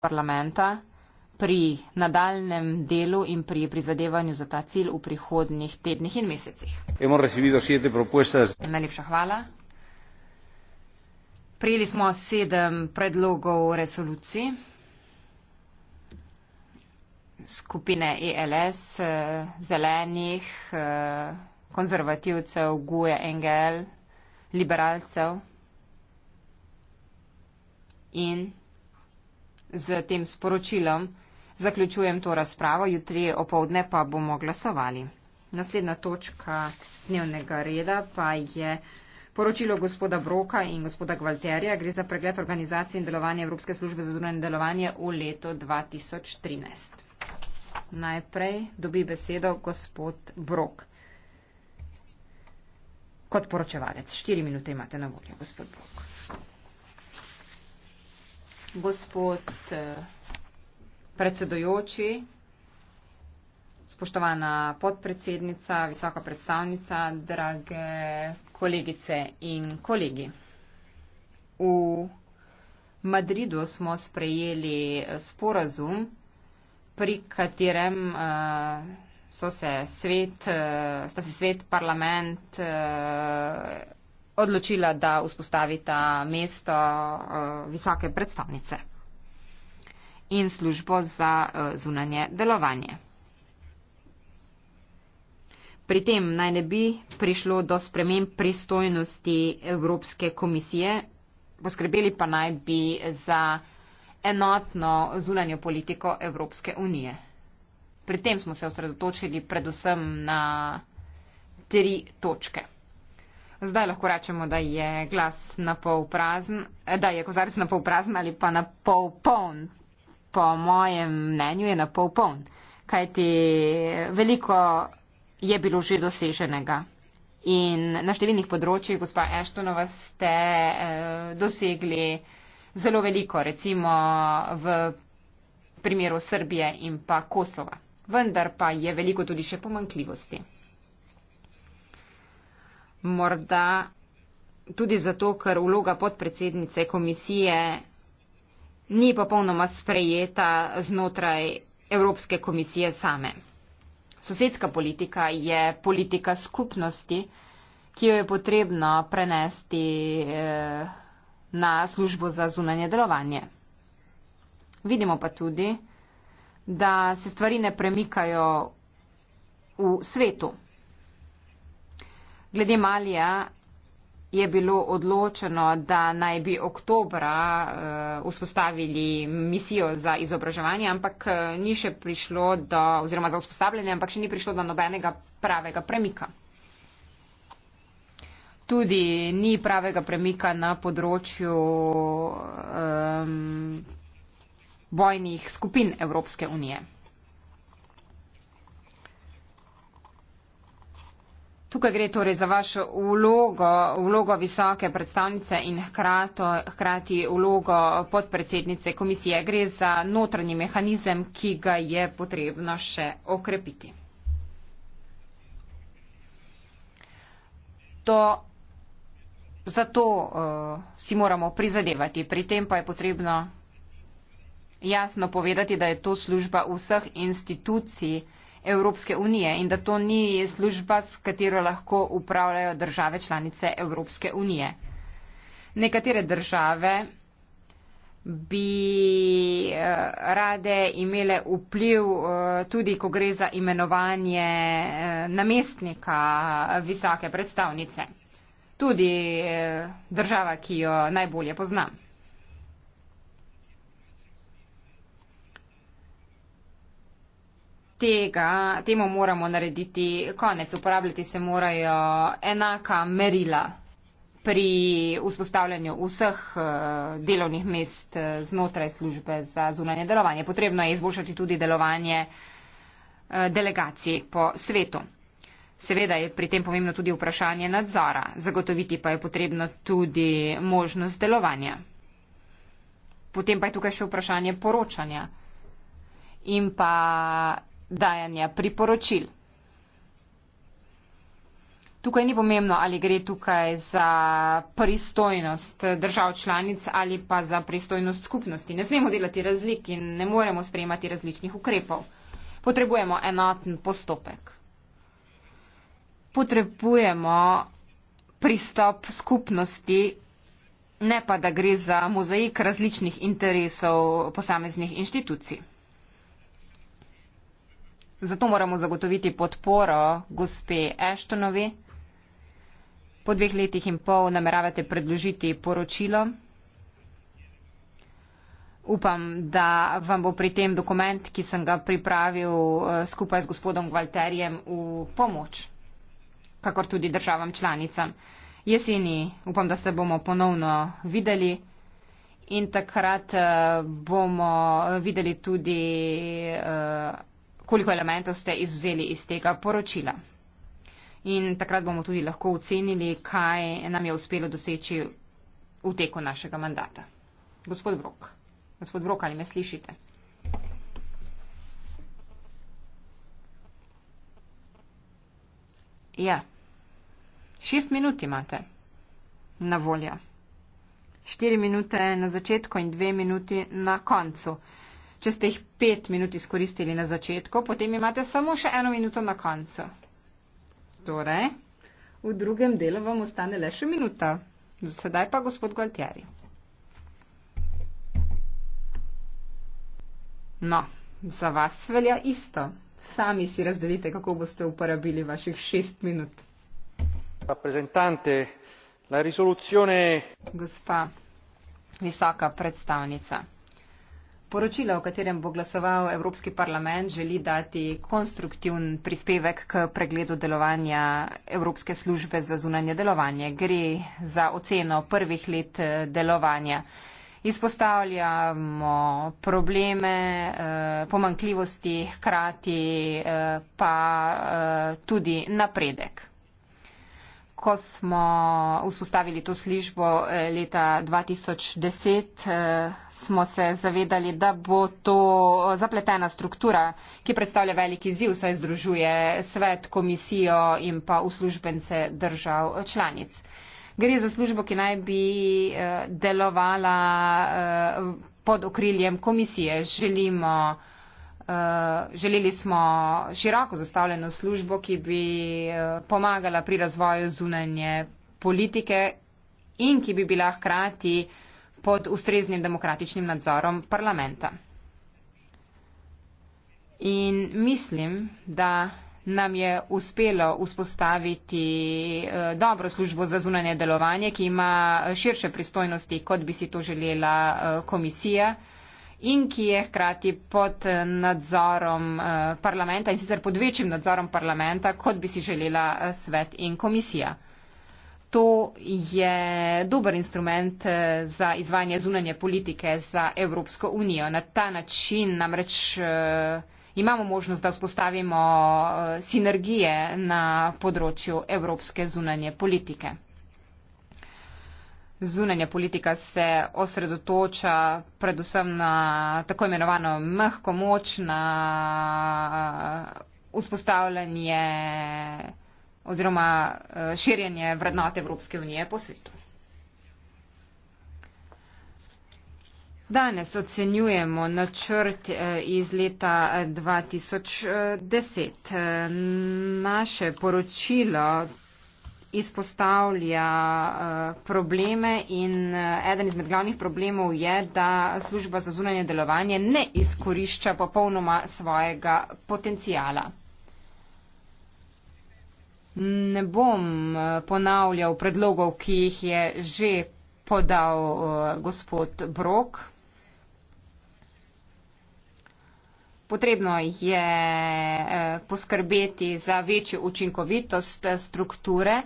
parlamenta pri nadaljem delu in pri prizadevanju za ta cilj v prihodnjih tednih in mesecih. Najlepša hvala. Prijeli smo sedem predlogov resolucij skupine ELS, zelenih, konzervativcev, GUE, NGL, liberalcev in z tem sporočilom. Zaključujem to razpravo, jutri opovdne pa bomo glasovali. Naslednja točka dnevnega reda pa je poročilo gospoda Broka in gospoda Gvalterja. Gre za pregled organizacije in delovanja Evropske službe za zunanje delovanje v letu 2013. Najprej dobi besedo gospod Brok. Kot poročevalec, štiri minute imate na voljo, gospod Brok gospod eh, predsedojoči, spoštovana podpredsednica, visoka predstavnica, drage kolegice in kolegi. V Madridu smo sprejeli eh, sporazum, pri katerem eh, so se svet, sta se svet, parlament, odločila, da vzpostavita mesto eh, visoke predstavnice in službo za eh, zunanje delovanje. Pri tem naj ne bi prišlo do sprememb pristojnosti Evropske komisije, poskrbeli pa naj bi za enotno zunanjo politiko Evropske unije. Pri tem smo se osredotočili predvsem na tri točke. Zdaj lahko rečemo, da je glas na pol prazen, da je kozarec na pol prazen ali pa na pol poln. Po mojem mnenju je na pol poln, kajti veliko je bilo že doseženega. In na številnih področjih, gospa Eštonova, ste eh, dosegli zelo veliko, recimo v primeru Srbije in pa Kosova. Vendar pa je veliko tudi še pomankljivosti morda tudi zato, ker vloga podpredsednice komisije ni popolnoma sprejeta znotraj Evropske komisije same. Sosedska politika je politika skupnosti, ki jo je potrebno prenesti eh, na službo za zunanje delovanje. Vidimo pa tudi, da se stvari ne premikajo v svetu. Glede Malija je bilo odločeno, da naj bi oktobra uh, vzpostavili misijo za izobraževanje, ampak eh, ni še prišlo do, oziroma za vzpostavljanje, ampak še ni prišlo do nobenega pravega premika. Tudi ni pravega premika na področju um, bojnih skupin Evropske unije. Tukaj gre torej za vašo vlogo, vlogo visoke predstavnice in hkrati, hkrati vlogo podpredsednice komisije. Gre za notranji mehanizem, ki ga je potrebno še okrepiti. To, zato uh, si moramo prizadevati. Pri tem pa je potrebno jasno povedati, da je to služba vseh institucij, Evropske unije in da to ni služba, s katero lahko upravljajo države članice Evropske unije. Nekatere države bi eh, rade imele vpliv eh, tudi, ko gre za imenovanje eh, namestnika visoke predstavnice. Tudi država, ki jo najbolje poznam. tega, temu moramo narediti konec. Uporabljati se morajo enaka merila pri vzpostavljanju vseh eh, delovnih mest eh, znotraj službe za zunanje delovanje. Potrebno je izboljšati tudi delovanje eh, delegacij po svetu. Seveda je pri tem pomembno tudi vprašanje nadzora, zagotoviti pa je potrebno tudi možnost delovanja. Potem pa je tukaj še vprašanje poročanja in pa dajanja priporočil. Tukaj ni pomembno, ali gre tukaj za pristojnost držav članic ali pa za pristojnost skupnosti. Ne smemo delati razlik in ne moremo sprejemati različnih ukrepov. Potrebujemo enoten postopek. Potrebujemo pristop skupnosti, ne pa da gre za mozaik različnih interesov posameznih inštitucij. Zato moramo zagotoviti podporo gospe Eštonovi. Po dveh letih in pol nameravate predložiti poročilo. Upam, da vam bo pri tem dokument, ki sem ga pripravil eh, skupaj z gospodom Gvalterjem, v pomoč, kakor tudi državam članicam. Jeseni upam, da se bomo ponovno videli in takrat eh, bomo eh, videli tudi. Uh, koliko elementov ste izuzeli iz tega poročila. In takrat bomo tudi lahko ocenili, kaj nam je uspelo doseči v teku našega mandata. Gospod Brok, gospod Brok, ali me slišite? Ja, šest minut imate na voljo. Štiri minute na začetku in dve minuti na koncu. Uh, Če ste jih pet minut izkoristili na začetku, potem imate samo še eno minuto na koncu. Torej, v drugem delu vam ostane le še minuta. Sedaj pa gospod Gualtieri. No, za vas velja isto. Sami si razdelite, kako boste uporabili vaših šest minut. La risoluzione... Gospa, visoka predstavnica. Poročilo, o katerem bo glasoval Evropski parlament, želi dati konstruktivn prispevek k pregledu delovanja Evropske službe za zunanje delovanje. Gre za oceno prvih let eh, delovanja. Izpostavljamo probleme, eh, pomankljivosti, hkrati eh, pa tudi napredek ko smo vzpostavili to službo eh, leta 2010, eh, smo se zavedali, da bo to zapletena struktura, ki predstavlja veliki ziv, saj združuje svet, komisijo in pa uslužbence držav eh, članic. Gre za službo, ki naj bi delovala pod okriljem komisije. Želimo Eh, želeli smo široko zastavljeno službo, ki bi eh, pomagala pri razvoju zunanje politike in ki bi bila hkrati pod ustreznim demokratičnim nadzorom parlamenta. In mislim, da nam je uspelo vzpostaviti eh, dobro službo za zunanje delovanje, ki ima širše pristojnosti, kot bi si to želela komisija in ki je hkrati pod eh, nadzorom eh, parlamenta in sicer pod večjim nadzorom parlamenta, kot bi si želela eh, svet in komisija. To je dober instrument za izvajanje zunanje politike za Evropsko unijo. Na ta način namreč imamo možnost, da spostavimo sinergije na področju Evropske zunanje politike. Zunanja politika se osredotoča predvsem na tako imenovano mehko moč, na eh, vzpostavljanje oziroma eh, širjenje vrednot Evropske unije po svetu. Danes ocenjujemo načrt eh, iz leta 2010. Naše poročilo izpostavlja uh, probleme in uh, eden izmed glavnih problemov je, da služba za zunanje delovanje ne izkorišča popolnoma svojega potencijala. Ne bom eh, ponavljal predlogov, ki jih je že podal uh, gospod Brok. Potrebno je eh, poskrbeti za večjo učinkovitost eh, strukture,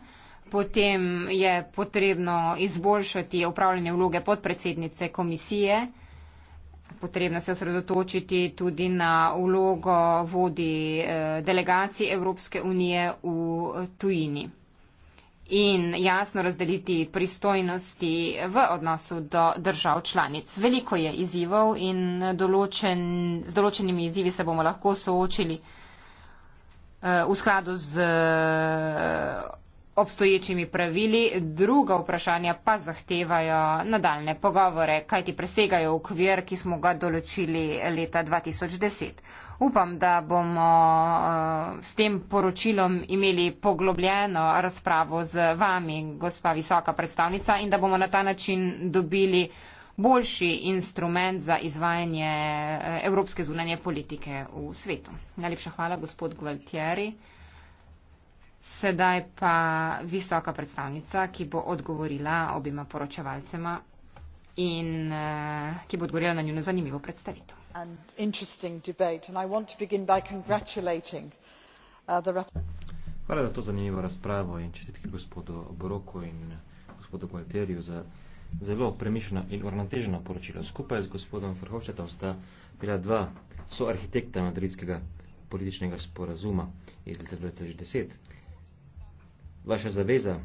potem je potrebno izboljšati upravljanje vloge podpredsednice komisije, potrebno se osredotočiti tudi na vlogo vodi eh, delegacij Evropske unije v tujini in jasno razdeliti pristojnosti v odnosu do držav članic. Veliko je izzivov in določen, z določenimi izzivi se bomo lahko soočili eh, v skladu z eh, obstoječimi pravili. Druga vprašanja pa zahtevajo nadaljne pogovore, kajti presegajo okvir, ki smo ga določili leta 2010 upam, da bomo eh, s tem poročilom imeli poglobljeno razpravo z vami, gospa visoka predstavnica, in da bomo na ta način dobili boljši instrument za izvajanje eh, evropske zunanje politike v svetu. Najlepša hvala, gospod Gualtieri. Sedaj pa visoka predstavnica, ki bo odgovorila obima poročevalcema in eh, ki bo odgovorila na njeno zanimivo predstavitev and interesting debate and i want to begin by congratulating uh, the hvala za to zanimivo razpravo in čestitke gospodu Boroku in uh, gospodu Gualteriju za zelo premišljeno in uravnoteženo poročilo. Skupaj z gospodom Frhovšetom sta bila dva soarhitekta madridskega političnega sporazuma iz leta 2010. Vaša zaveza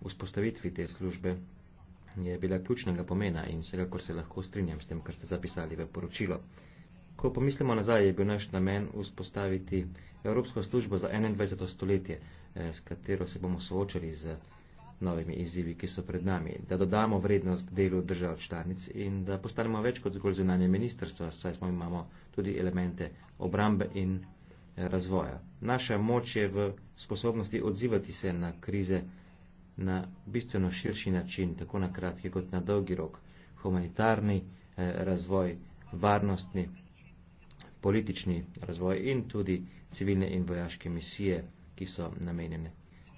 v spostavitvi te službe je bila ključnega pomena in vsekakor se lahko strinjam s tem, kar ste zapisali v poročilo. Ko pomislimo nazaj, je bil naš namen vzpostaviti Evropsko službo za 21. stoletje, eh, s katero se bomo soočali z novimi izzivi, ki so pred nami, da dodamo vrednost delu držav članic in da postanemo več kot zgolj zunanje ministrstva, saj smo imamo tudi elemente obrambe in eh, razvoja. Naša moč je v sposobnosti odzivati se na krize na bistveno širši način, tako na kratki kot na dolgi rok, humanitarni eh, razvoj, varnostni, politični razvoj in tudi civilne in vojaške misije, ki so namenjene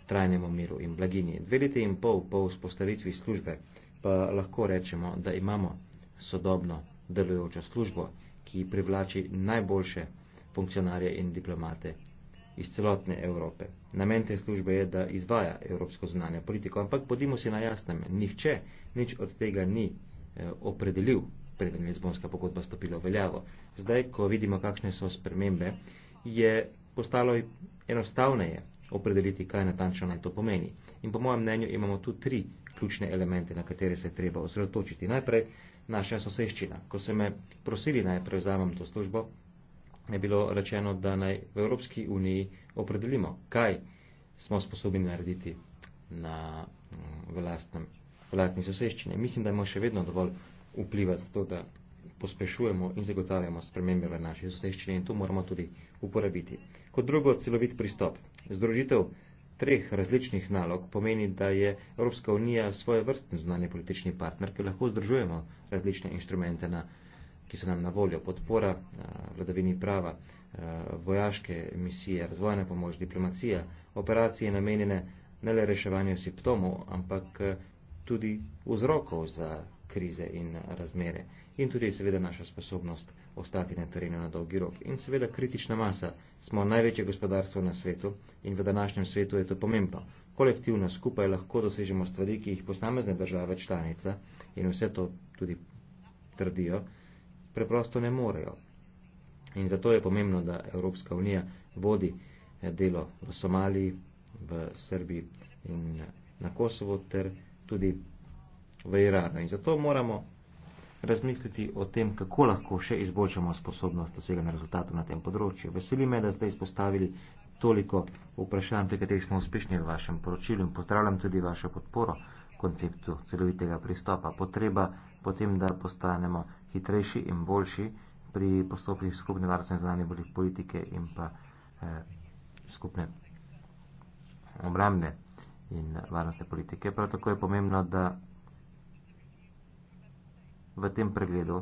trajnemu miru in blaginji. Dve leti in pol po vzpostavitvi službe pa lahko rečemo, da imamo sodobno delujočo službo, ki privlači najboljše funkcionarje in diplomate iz celotne Evrope. Namen te službe je, da izvaja evropsko zunanje politiko, ampak podimo si na jasnem, nihče nič od tega ni eh, opredelil, preden je Lizbonska pogodba stopila v veljavo. Zdaj, ko vidimo, kakšne so spremembe, je postalo enostavneje opredeliti, kaj natančno naj to pomeni. In po mojem mnenju imamo tu tri ključne elemente, na katere se je treba osredotočiti. Najprej naša soseščina. Ko so me prosili, naj prevzamem to službo, je bilo rečeno, da naj v Evropski uniji opredelimo, kaj smo sposobni narediti na, mm, v, lastnem, v lastni soseščini. Mislim, da imamo še vedno dovolj vpliva za to, da pospešujemo in zagotavljamo spremembe v naši soseščini in to moramo tudi uporabiti. Kot drugo, celovit pristop. Združitev treh različnih nalog pomeni, da je Evropska unija svoje vrstne zunanje politični partner, ki lahko združujemo različne inštrumente na ki so nam na voljo, podpora eh, vladavini prava, eh, vojaške misije, razvojna pomoč, diplomacija, operacije namenjene ne le reševanju simptomov, ampak eh, tudi vzrokov za krize in razmere in tudi seveda naša sposobnost ostati na terenu na dolgi rok. In seveda kritična masa. Smo največje gospodarstvo na svetu in v današnjem svetu je to pomembno. Kolektivno skupaj lahko dosežemo stvari, ki jih posamezne države članica in vse to tudi trdijo, preprosto ne morejo. In zato je pomembno, da Evropska unija vodi eh, delo v Somaliji, v Srbiji in eh, na Kosovo ter tudi v Iranu. In zato moramo razmisliti o tem, kako lahko še izboljšamo sposobnost doseganja rezultatov na tem področju. Veseli me, da ste izpostavili toliko vprašanj, pri katerih smo uspešni v vašem poročilu in pozdravljam tudi vašo podporo konceptu celovitega pristopa. Potreba potem, da postanemo hitrejši in boljši pri postopkih skupne varstvene zunanje politike in pa eh, skupne obramne in varnostne politike. Prav tako je pomembno, da v tem pregledu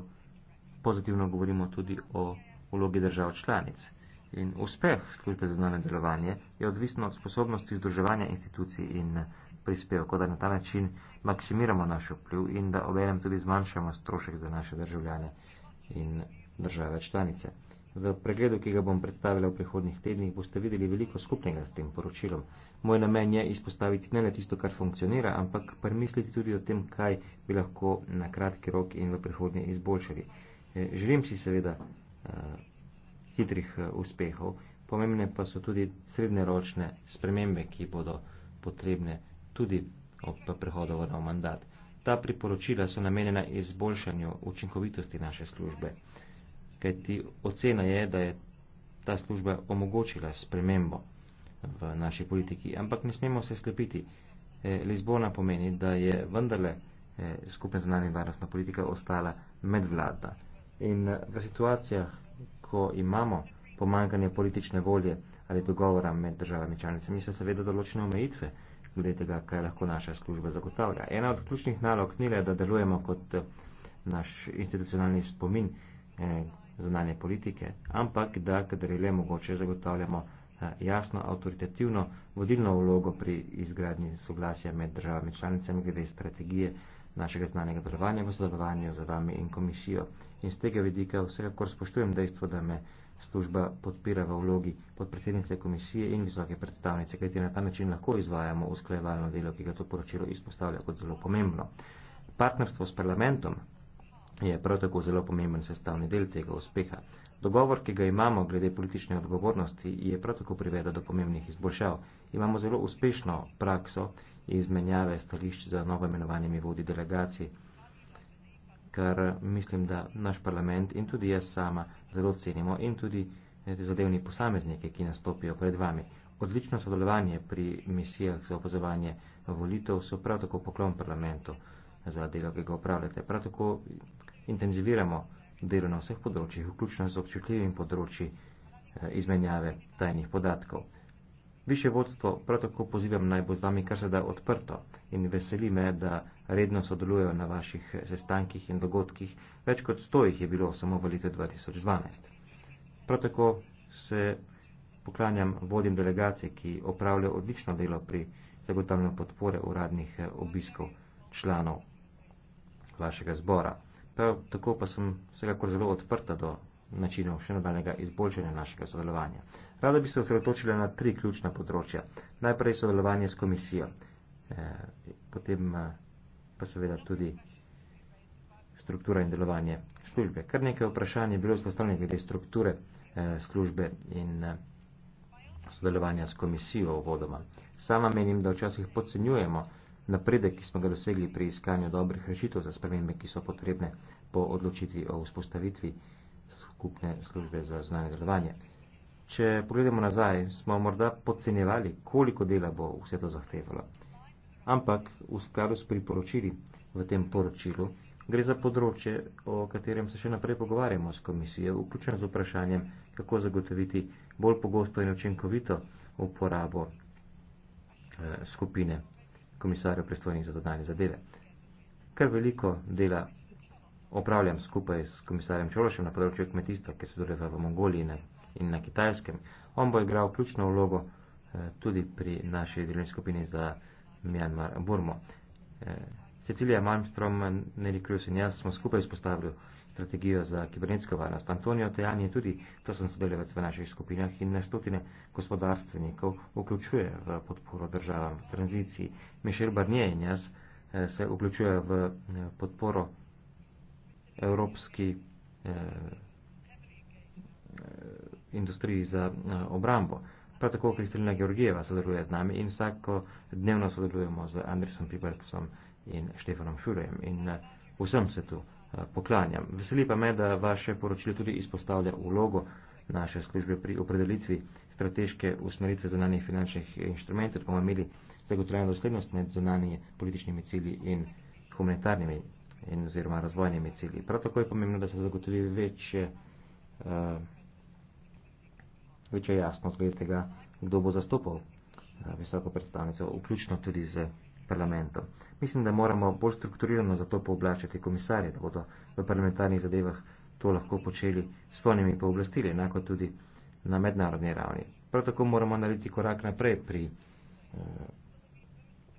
pozitivno govorimo tudi o vlogi držav članic. In uspeh službe za znane delovanje je odvisno od sposobnosti združevanja institucij in eh, prispevkov, da na ta način maksimiramo naš vpliv in da obenem tudi zmanjšamo strošek za naše državljane in države članice. V pregledu, ki ga bom predstavila v prihodnih tednih, boste videli veliko skupnega s tem poročilom. Moj namen je izpostaviti ne le tisto, kar funkcionira, ampak premisliti tudi o tem, kaj bi lahko na kratki rok in v prihodnje izboljšali. Eh, želim si seveda uh, hitrih uh, uspehov, pomembne pa so tudi srednjeročne spremembe, ki bodo potrebne tudi ob prehodu v nov mandat. Ta priporočila so namenjena izboljšanju učinkovitosti naše službe, kajti ocena je, da je ta služba omogočila spremembo v naši politiki. Ampak ne smemo se slepiti. E, Lizbona pomeni, da je vendarle e, skupna znanje varnostna politika ostala medvladna. In e, v situacijah, ko imamo pomankanje politične volje ali dogovora med državami članicami, so seveda določene omejitve glede tega, kaj lahko naša služba zagotavlja. Ena od ključnih nalog Nile je, da delujemo kot eh, naš institucionalni spomin eh, zunanje politike, ampak da, kadar je le mogoče, zagotavljamo eh, jasno, avtoritativno, vodilno vlogo pri izgradnji soglasja med državami članicami glede strategije našega znanega delovanja v sodelovanju z vami in komisijo. In z tega vidika vsekakor spoštujem dejstvo, da me služba podpira v vlogi podpredsednice komisije in visoke predstavnice, kajti na ta način lahko izvajamo usklajevalno delo, ki ga to poročilo izpostavlja kot zelo pomembno. Partnerstvo s parlamentom je prav tako zelo pomemben sestavni del tega uspeha. Dogovor, ki ga imamo glede politične odgovornosti, je prav tako privedel do pomembnih izboljšav. Imamo zelo uspešno prakso izmenjave stališč za novo imenovanje vodi delegacij kar mislim, da naš parlament in tudi jaz sama zelo cenimo in tudi eh, zadevni posamezniki, ki nastopijo pred vami. Odlično sodelovanje pri misijah za opozovanje volitev so prav tako poklon parlamentu za delo, ki ga upravljate. Prav tako intenziviramo delo na vseh področjih, vključno z občutljivim področji eh, izmenjave tajnih podatkov. Više vodstvo prav tako pozivam naj bo z vami kar se da odprto in veseli me, da redno sodelujejo na vaših sestankih in dogodkih. Več kot sto jih je bilo samo v letu 2012. Prav tako se poklanjam vodim delegacije, ki opravljajo odlično delo pri zagotavljanju podpore uradnih eh, obiskov članov vašega zbora. Prav tako pa sem vsekakor zelo odprta do načinov še nadaljnega izboljšanja našega sodelovanja. Rada bi se osredotočila na tri ključna področja. Najprej sodelovanje s komisijo, eh, potem eh, pa seveda tudi struktura in delovanje službe. Kar nekaj vprašanj je bilo izpostavljeno glede strukture eh, službe in sodelovanja s komisijo uvodoma. Sama menim, da včasih podcenjujemo napredek, ki smo ga dosegli pri iskanju dobrih rešitev za spremembe, ki so potrebne po odločitvi o vzpostavitvi skupne službe za znanje delovanje. Če pogledamo nazaj, smo morda podcenjevali, koliko dela bo vse to zahtevalo. Ampak v skladu s priporočili v tem poročilu gre za področje, o katerem se še naprej pogovarjamo s komisijo, vključno z vprašanjem, kako zagotoviti bolj pogosto in učinkovito uporabo eh, skupine komisarjev pristojnih za dodanje zadeve. Kar veliko dela opravljam skupaj s komisarjem Čološem na področju kmetijstva, ker se doreva v Mongoliji in na Kitajskem. On bo igral ključno vlogo eh, tudi pri naši delovni skupini za Mjanmar Burmo. Eh, Cecilija Malmstrom, Neli Krius in jaz smo skupaj izpostavili strategijo za kibernetsko varnost. Antonio Tejani je tudi, to sem sodelovec v naših skupinah in na stotine gospodarstvenikov vključuje v podporo državam v tranziciji. Mišel Barnier in jaz eh, se vključuje v podporo evropski eh, industriji za eh, obrambo. Prav tako Kristelina Georgijeva sodeluje z nami in vsako dnevno sodelujemo z Andresom Pibelksom in Štefanom Furejem in eh, vsem se tu eh, poklanjam. Veseli pa me, da vaše poročilo tudi izpostavlja vlogo naše službe pri opredelitvi strateške usmeritve zunanjih finančnih inštrumentov, bomo imeli zagotovljeno doslednost med zunanjimi političnimi cilji in humanitarnimi in oziroma razvojnimi cilji. Prav tako je pomembno, da se zagotovi večje, uh, eh, večje jasnost glede tega, kdo bo zastopal uh, visoko predstavnico, vključno tudi z parlamentom. Mislim, da moramo bolj strukturirano za to povlačiti komisarje, da bodo v parlamentarnih zadevah to lahko počeli s polnimi pooblastili, enako tudi na mednarodni ravni. Prav tako moramo narediti korak naprej pri uh,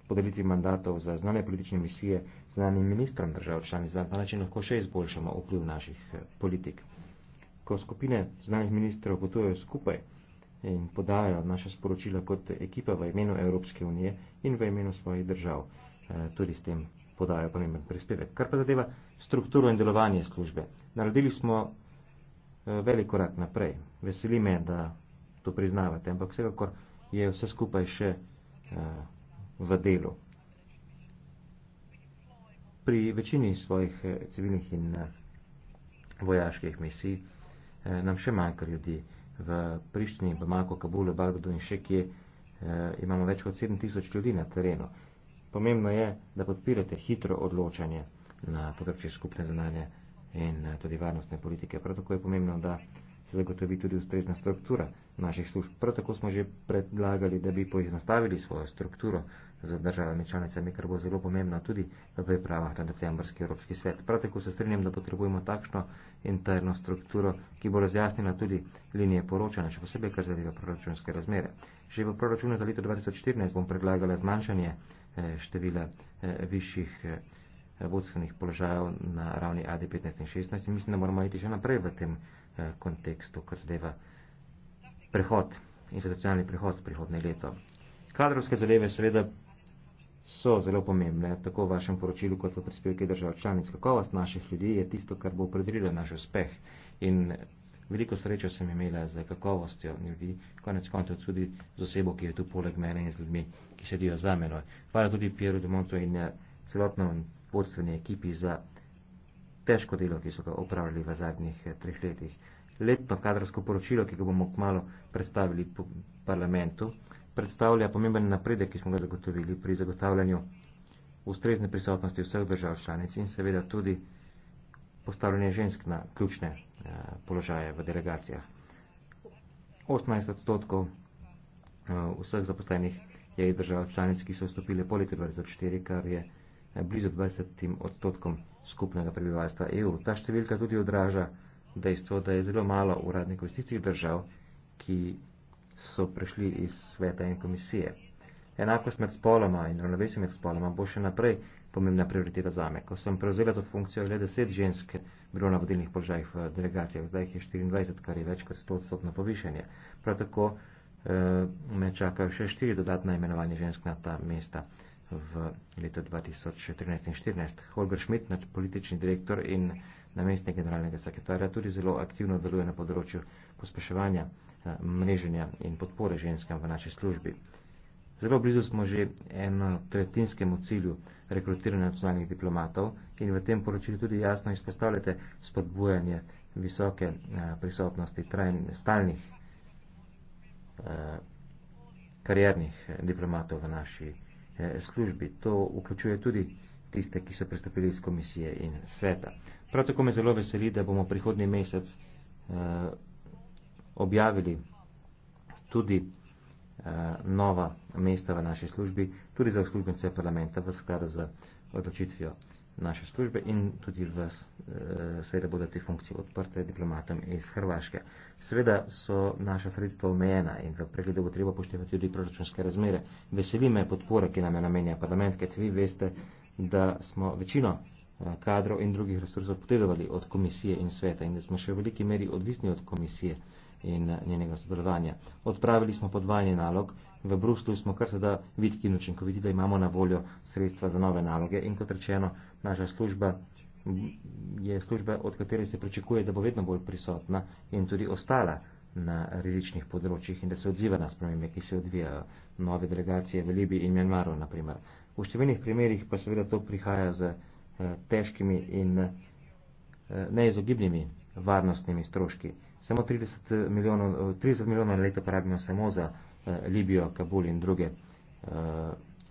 podelitvi mandatov za znane politične misije znanim ministrom držav članic za ta način lahko še izboljšamo vpliv naših eh, politik. Ko skupine znanih ministrov potujejo skupaj in podajo naše sporočila kot ekipa v imenu Evropske unije in v imenu svojih držav, eh, tudi s tem podajo pomemben prispevek. Kar pa zadeva strukturo in delovanje službe. Naredili smo eh, velik korak naprej. Veseli me, da to priznavate, ampak vsekakor je vse skupaj še v delu pri večini svojih eh, civilnih in eh, vojaških misij eh, nam še manjka ljudi. V Prištini, Bamako, Kabulu, Bagdadu in še kje imamo več kot 7000 ljudi na terenu. Pomembno je, da podpirate hitro odločanje na področju skupne zunanje in tudi varnostne politike. Prav tako je pomembno, da se zagotovi tudi ustrezna struktura naših služb. Prav tako smo že predlagali, da bi poenostavili svojo strukturo, z državami članicami, kar bo zelo pomembno tudi v pripravah na decembrski Evropski svet. Prav tako se strinjam, da potrebujemo takšno interno strukturo, ki bo razjasnila tudi linije poročanja, še posebej kar zadeva proračunske razmere. Že v proračunu za leto 2014 bom predlagala zmanjšanje eh, števila eh, višjih eh, vodstvenih položajev na ravni AD15 in 16 in mislim, da moramo iti še naprej v tem kontekstu, kar zadeva prehod institucionalni prehod prihodne leto. Kadrovske zadeve seveda so zelo pomembne, tako v vašem poročilu kot v prispevkih držav članic. Kakovost naših ljudi je tisto, kar bo predvidelo naš uspeh. In veliko srečo sem imela z kakovostjo ljudi, konec koncev tudi z osebo, ki je tu poleg mene in z ljudmi, ki sedijo za menoj. Hvala tudi Pieru Dumontu in eh, celotno vodstveni ekipi za težko delo, ki so ga opravili v zadnjih eh, treh letih. Letno kadrovsko poročilo, ki ga bomo kmalo predstavili v parlamentu, predstavlja pomemben napredek, ki smo ga zagotovili pri zagotavljanju ustrezne prisotnosti vseh držav članic in seveda tudi postavljanje žensk na ključne eh, položaje v delegacijah. 18 odstotkov eh, vseh zaposlenih je iz držav članic, ki so vstopile poleg 24, kar je eh, blizu 20 odstotkom skupnega prebivalstva EU. Ta številka tudi odraža dejstvo, da je zelo malo uradnikov iz tistih držav, ki so prišli iz sveta in komisije. Enakost med spoloma in ravnovesje med spoloma bo še naprej pomembna prioriteta zame. Ko sem prevzela to funkcijo, je le deset žensk bilo na vodilnih položajih v delegacijah, zdaj jih je 24, kar je več kot 100 odstotno povišenje. Prav tako eh, me čakajo še štiri dodatna imenovanja žensk na ta mesta v letu 2013 in 2014. Holger Schmidt, politični direktor in namestnik generalnega sekretarja, tudi zelo aktivno deluje na področju pospeševanja eh, mreženja in podpore ženskam v naši službi. Zelo blizu smo že eno tretjinskemu cilju rekrutiranja nacionalnih diplomatov in v tem poročilu tudi jasno izpostavljate spodbujanje visoke eh, prisotnosti trajn, stalnih eh, kariernih eh, diplomatov v naši eh, službi. To vključuje tudi eh, tiste, ki so pristopili iz komisije in sveta. Prav tako me zelo veseli, da bomo prihodni mesec eh, objavili tudi eh, nova mesta v naši službi, tudi za uslužbence parlamenta v skladu z odločitvijo naše službe in tudi v eh, sredo bodo te funkcije odprte diplomatom iz Hrvaške. Seveda so naša sredstva omejena in v pregledu bo treba poštevati tudi proračunske razmere. Veseli me podpora, ki nam je namenja parlament, ker vi veste, da smo večino eh, kadrov in drugih resursov potedovali od komisije in sveta in da smo še v veliki meri odvisni od komisije in eh, njenega sodelovanja. Odpravili smo podvajanje nalog, v Bruslu smo kar se da vidki in učinkoviti, da imamo na voljo sredstva za nove naloge in kot rečeno, naša služba je služba, od katere se pričakuje, da bo vedno bolj prisotna in tudi ostala na različnih področjih in da se odziva na spremembe, ki se odvijajo nove delegacije v Libiji in Mjanmaru, naprimer v številnih primerjih pa seveda to prihaja z eh, težkimi in eh, neizogibnimi varnostnimi stroški. Samo 30 eh, milijonov, 30 milijonov leto porabimo samo za Libijo, Kabul in druge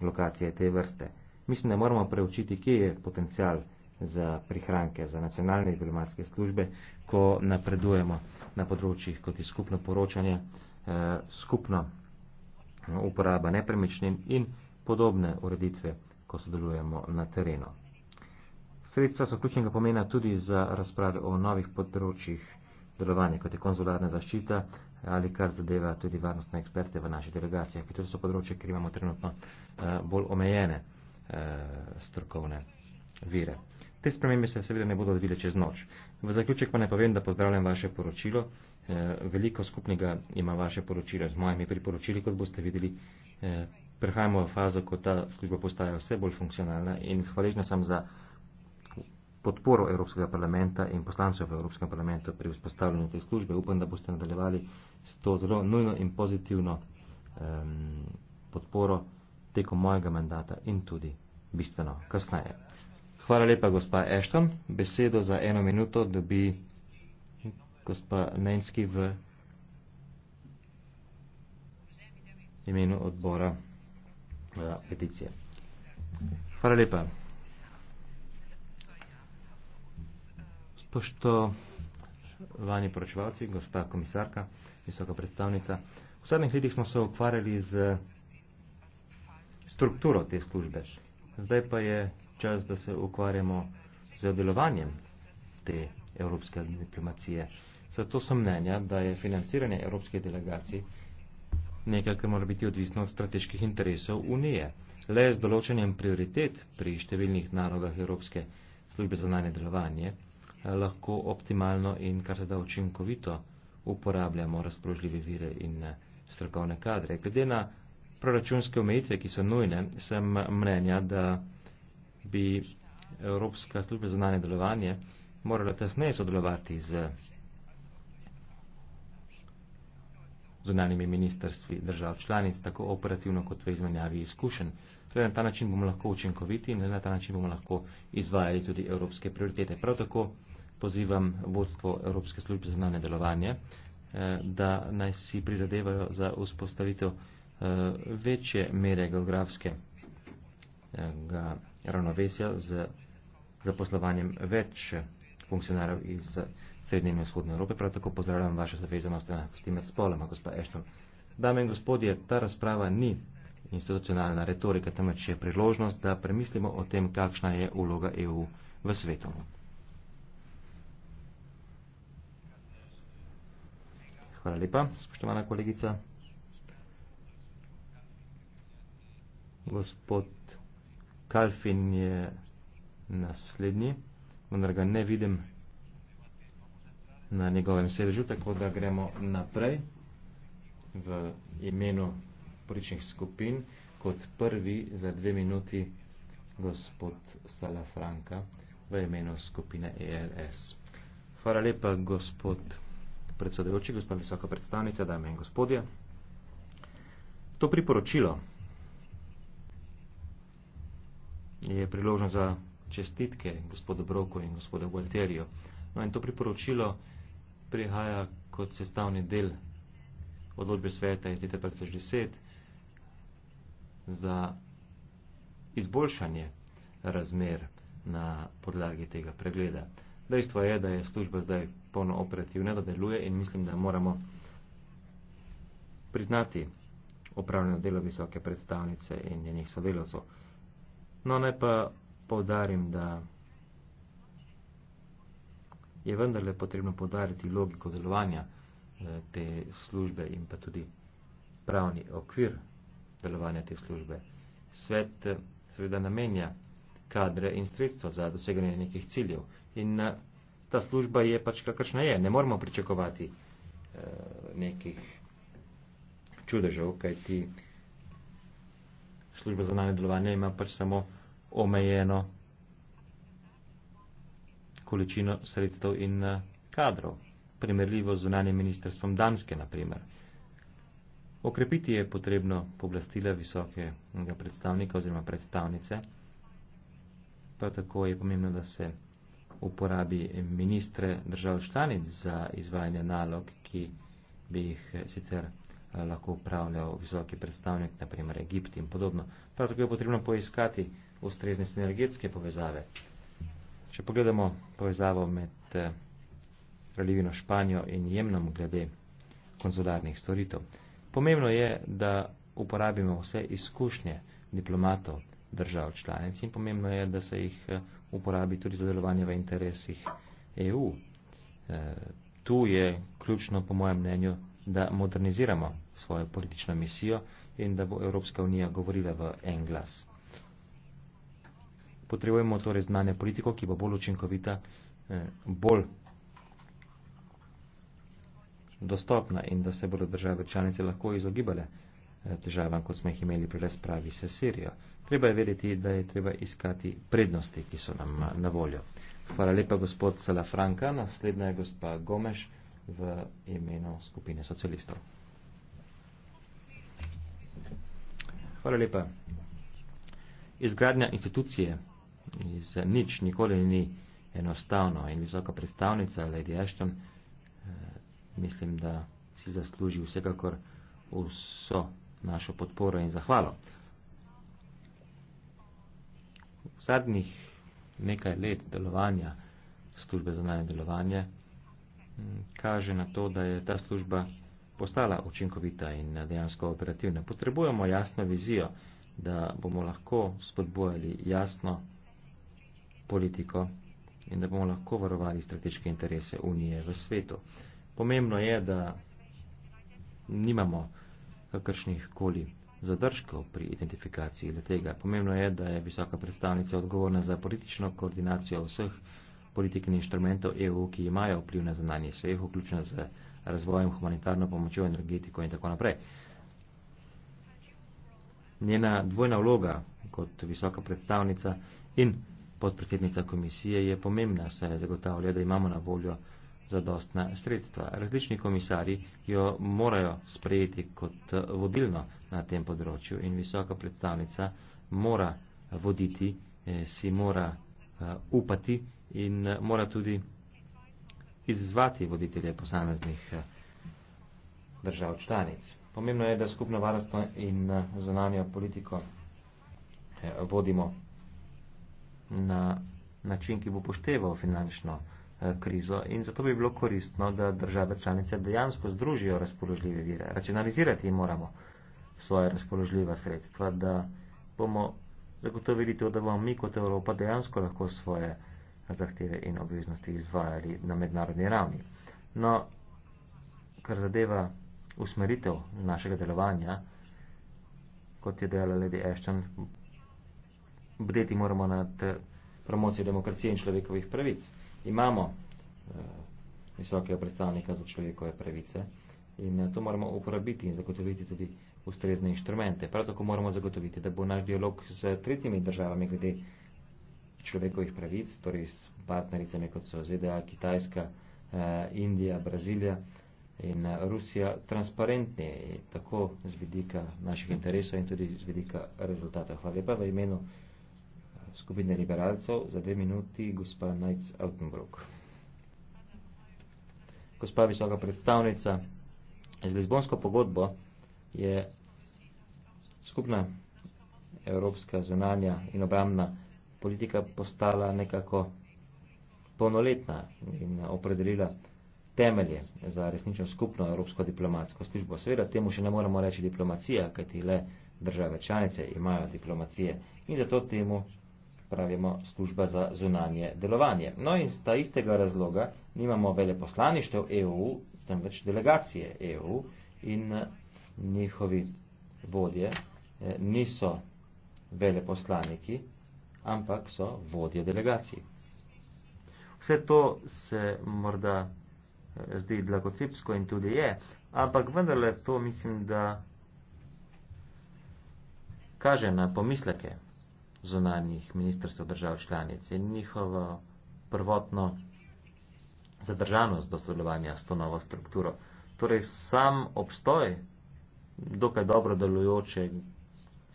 lokacije te vrste. Mislim, da moramo preučiti, kje je potencial za prihranke, za nacionalne diplomatske službe, ko napredujemo na področjih kot je skupno poročanje, skupno uporaba nepremičnin in podobne ureditve, ko sodelujemo na terenu. Sredstva so ključnega pomena tudi za razprave o novih področjih delovanja, kot je konzularna zaščita ali kar zadeva tudi varnostne eksperte v naših delegacijah, ki so področje, kjer imamo trenutno eh, bolj omejene eh, strokovne vire. Te spremembe se seveda ne bodo odvile čez noč. V zaključek pa ne povem, da pozdravljam vaše poročilo. Eh, veliko skupnega ima vaše poročilo z mojimi priporočili, kot boste videli prehajamo v fazo, ko ta služba postaja vse bolj funkcionalna in hvaležna sem za podporo Evropskega parlamenta in poslancev v Evropskem parlamentu pri vzpostavljanju te službe. Upam, da boste nadaljevali s to zelo nujno in pozitivno um, podporo tekom mojega mandata in tudi bistveno kasneje. Hvala lepa, gospa Ashton. Besedo za eno minuto dobi gospa Nenski v imenu odbora peticije. Hvala lepa. Spošto vani poročevalci, gospa komisarka, visoka predstavnica, v zadnjih letih smo se ukvarjali z strukturo te službe. Zdaj pa je čas, da se ukvarjamo z delovanjem te evropske diplomacije. Zato sem mnenja, da je financiranje evropske delegacije nekaj, kar mora biti odvisno od strateških interesov Unije. Le z določenjem prioritet pri številnih nalogah Evropske službe za najne delovanje eh, lahko optimalno in kar se da učinkovito uporabljamo razpoložljive vire in eh, strokovne kadre. Glede na proračunske omejitve, ki so nujne, sem mnenja, da bi Evropska služba za najne delovanje morala tesneje sodelovati z zunanimi ministrstvi držav članic, tako operativno kot v izmenjavi izkušenj. Torej na ta način bomo lahko učinkoviti in na ta način bomo lahko izvajali tudi evropske prioritete. Prav tako pozivam vodstvo Evropske službe za znanje delovanje, eh, da naj si prizadevajo za vzpostavitev eh, večje mere geografske eh, ravnovesja z zaposlovanjem več funkcionarjev iz Srednje in Vzhodne Evrope. Prav tako pozdravljam vaše zavezanost na enakosti med spoloma, gospa Ešton. Dame in gospodje, ta razprava ni institucionalna retorika, temveč je priložnost, da premislimo o tem, kakšna je uloga EU v svetu. Hvala lepa, spoštovana kolegica. Gospod Kalfin je naslednji vendar ga ne vidim na njegovem sedežu, tako da gremo naprej v imenu poričnih skupin kot prvi za dve minuti gospod Salafranka v imenu skupine ELS. Hvala lepa, gospod predsedujoči, gospod visoka predstavnica, dame in gospodje. To priporočilo je priložno za čestitke gospodu Broku in gospodu Gualterju. No in to priporočilo prihaja kot sestavni del odločbe sveta iz leta 2010 za izboljšanje razmer na podlagi tega pregleda. Dejstvo je, da je služba zdaj polno operativna, da deluje in mislim, da moramo priznati opravljeno delo visoke predstavnice in njenih sodelavcev. No, naj pa povdarim, da je vendarle potrebno povdariti logiko delovanja eh, te službe in pa tudi pravni okvir delovanja te službe. Svet eh, seveda namenja kadre in sredstva za doseganje nekih ciljev in eh, ta služba je pač kakršna je. Ne moramo pričakovati nekih čudežev, kajti služba za nane delovanje ima pač samo omejeno količino sredstev in eh, kadrov, primerljivo z zunanjem ministrstvom Danske, naprimer. Okrepiti je potrebno poblastila visokega predstavnika oziroma predstavnice, prav tako je pomembno, da se uporabi ministre držav članic za izvajanje nalog, ki bi jih eh, sicer eh, lahko upravljal visoki predstavnik, naprimer Egipt in podobno. Prav tako je potrebno poiskati ustrezne sinergetske povezave. Če pogledamo povezavo med eh, Kraljevino Španijo in Jemnom glede konzularnih storitev, pomembno je, da uporabimo vse izkušnje diplomatov držav članic in pomembno je, da se jih eh, uporabi tudi za delovanje v interesih EU. Eh, tu je ključno, po mojem mnenju, da moderniziramo svojo politično misijo in da bo Evropska unija govorila v en glas potrebujemo torej znanje politiko, ki bo bolj učinkovita, eh, bolj dostopna in da se bodo države članice lahko izogibale eh, težavam, kot smo jih imeli pri razpravi s Sirijo. Treba je vedeti, da je treba iskati prednosti, ki so nam eh, na voljo. Hvala lepa, gospod Salafranka. Naslednja je gospa Gomeš v imenu skupine socialistov. Hvala lepa. Izgradnja institucije iz nič nikoli ni enostavno in visoka predstavnica Lady Ashton eh, mislim, da si zasluži vsekakor vso našo podporo in zahvalo. V zadnjih nekaj let delovanja službe za najem delovanje mm, kaže na to, da je ta služba postala učinkovita in dejansko operativna. Potrebujemo jasno vizijo, da bomo lahko spodbojali jasno politiko in da bomo lahko varovali strateške interese Unije v svetu. Pomembno je, da nimamo kakršnih koli zadržkov pri identifikaciji le tega. Pomembno je, da je visoka predstavnica odgovorna za politično koordinacijo vseh politik in inštrumentov EU, ki imajo vpliv na zunanje sveh, vključno z razvojem, humanitarno pomočjo, energetiko in tako naprej. Njena dvojna vloga kot visoka predstavnica in podpredsednica komisije je pomembna, saj zagotavlja, da imamo na voljo zadostna sredstva. Različni komisari jo morajo sprejeti kot eh, vodilno na tem področju in visoka predstavnica mora voditi, eh, si mora eh, upati in mora tudi izzvati voditelje posameznih držav članic. Pomembno je, da skupno varnostno in zunanjo politiko vodimo na način, ki bo pošteval finančno eh, krizo in zato bi bilo koristno, da države članice dejansko združijo razpoložljive vire. Racionalizirati moramo svoje razpoložljiva sredstva, da bomo zagotovili to, da bomo mi kot Evropa dejansko lahko svoje zahteve in obveznosti izvajali na mednarodni ravni. No, kar zadeva usmeritev našega delovanja, kot je dejala Lady Ashton, bdeti moramo nad eh, promocijo demokracije in človekovih pravic. Imamo uh, visokega predstavnika za človekove pravice in uh, to moramo uporabiti in zagotoviti tudi ustrezne inštrumente. Prav tako moramo zagotoviti, da bo naš dialog z tretjimi državami glede človekovih pravic, torej s partnericami kot so ZDA, Kitajska, uh, Indija, Brazilija in uh, Rusija, transparentni tako z vidika naših interesov in tudi z vidika rezultatov. Hvala lepa v imenu skupine liberalcev za dve minuti gospa Najc Altenbrook. Gospa visoka predstavnica, z Lizbonsko pogodbo je skupna evropska zunanja in obramna politika postala nekako polnoletna in opredelila temelje za resnično skupno evropsko diplomatsko službo. Seveda temu še ne moramo reči diplomacija, kajti le države članice imajo diplomacije in zato temu pravimo služba za zunanje delovanje. No in z ta istega razloga nimamo veleposlaništev EU, temveč delegacije EU in eh, njihovi vodje eh, niso veleposlaniki, ampak so vodje delegacij. Vse to se morda eh, zdi dlakocipsko in tudi je, ampak vendarle to mislim, da kaže na pomisleke zunanjih ministrstv držav članic in njihovo prvotno zadržanost do sodelovanja s to novo strukturo. Torej sam obstoj dokaj dobro delujoče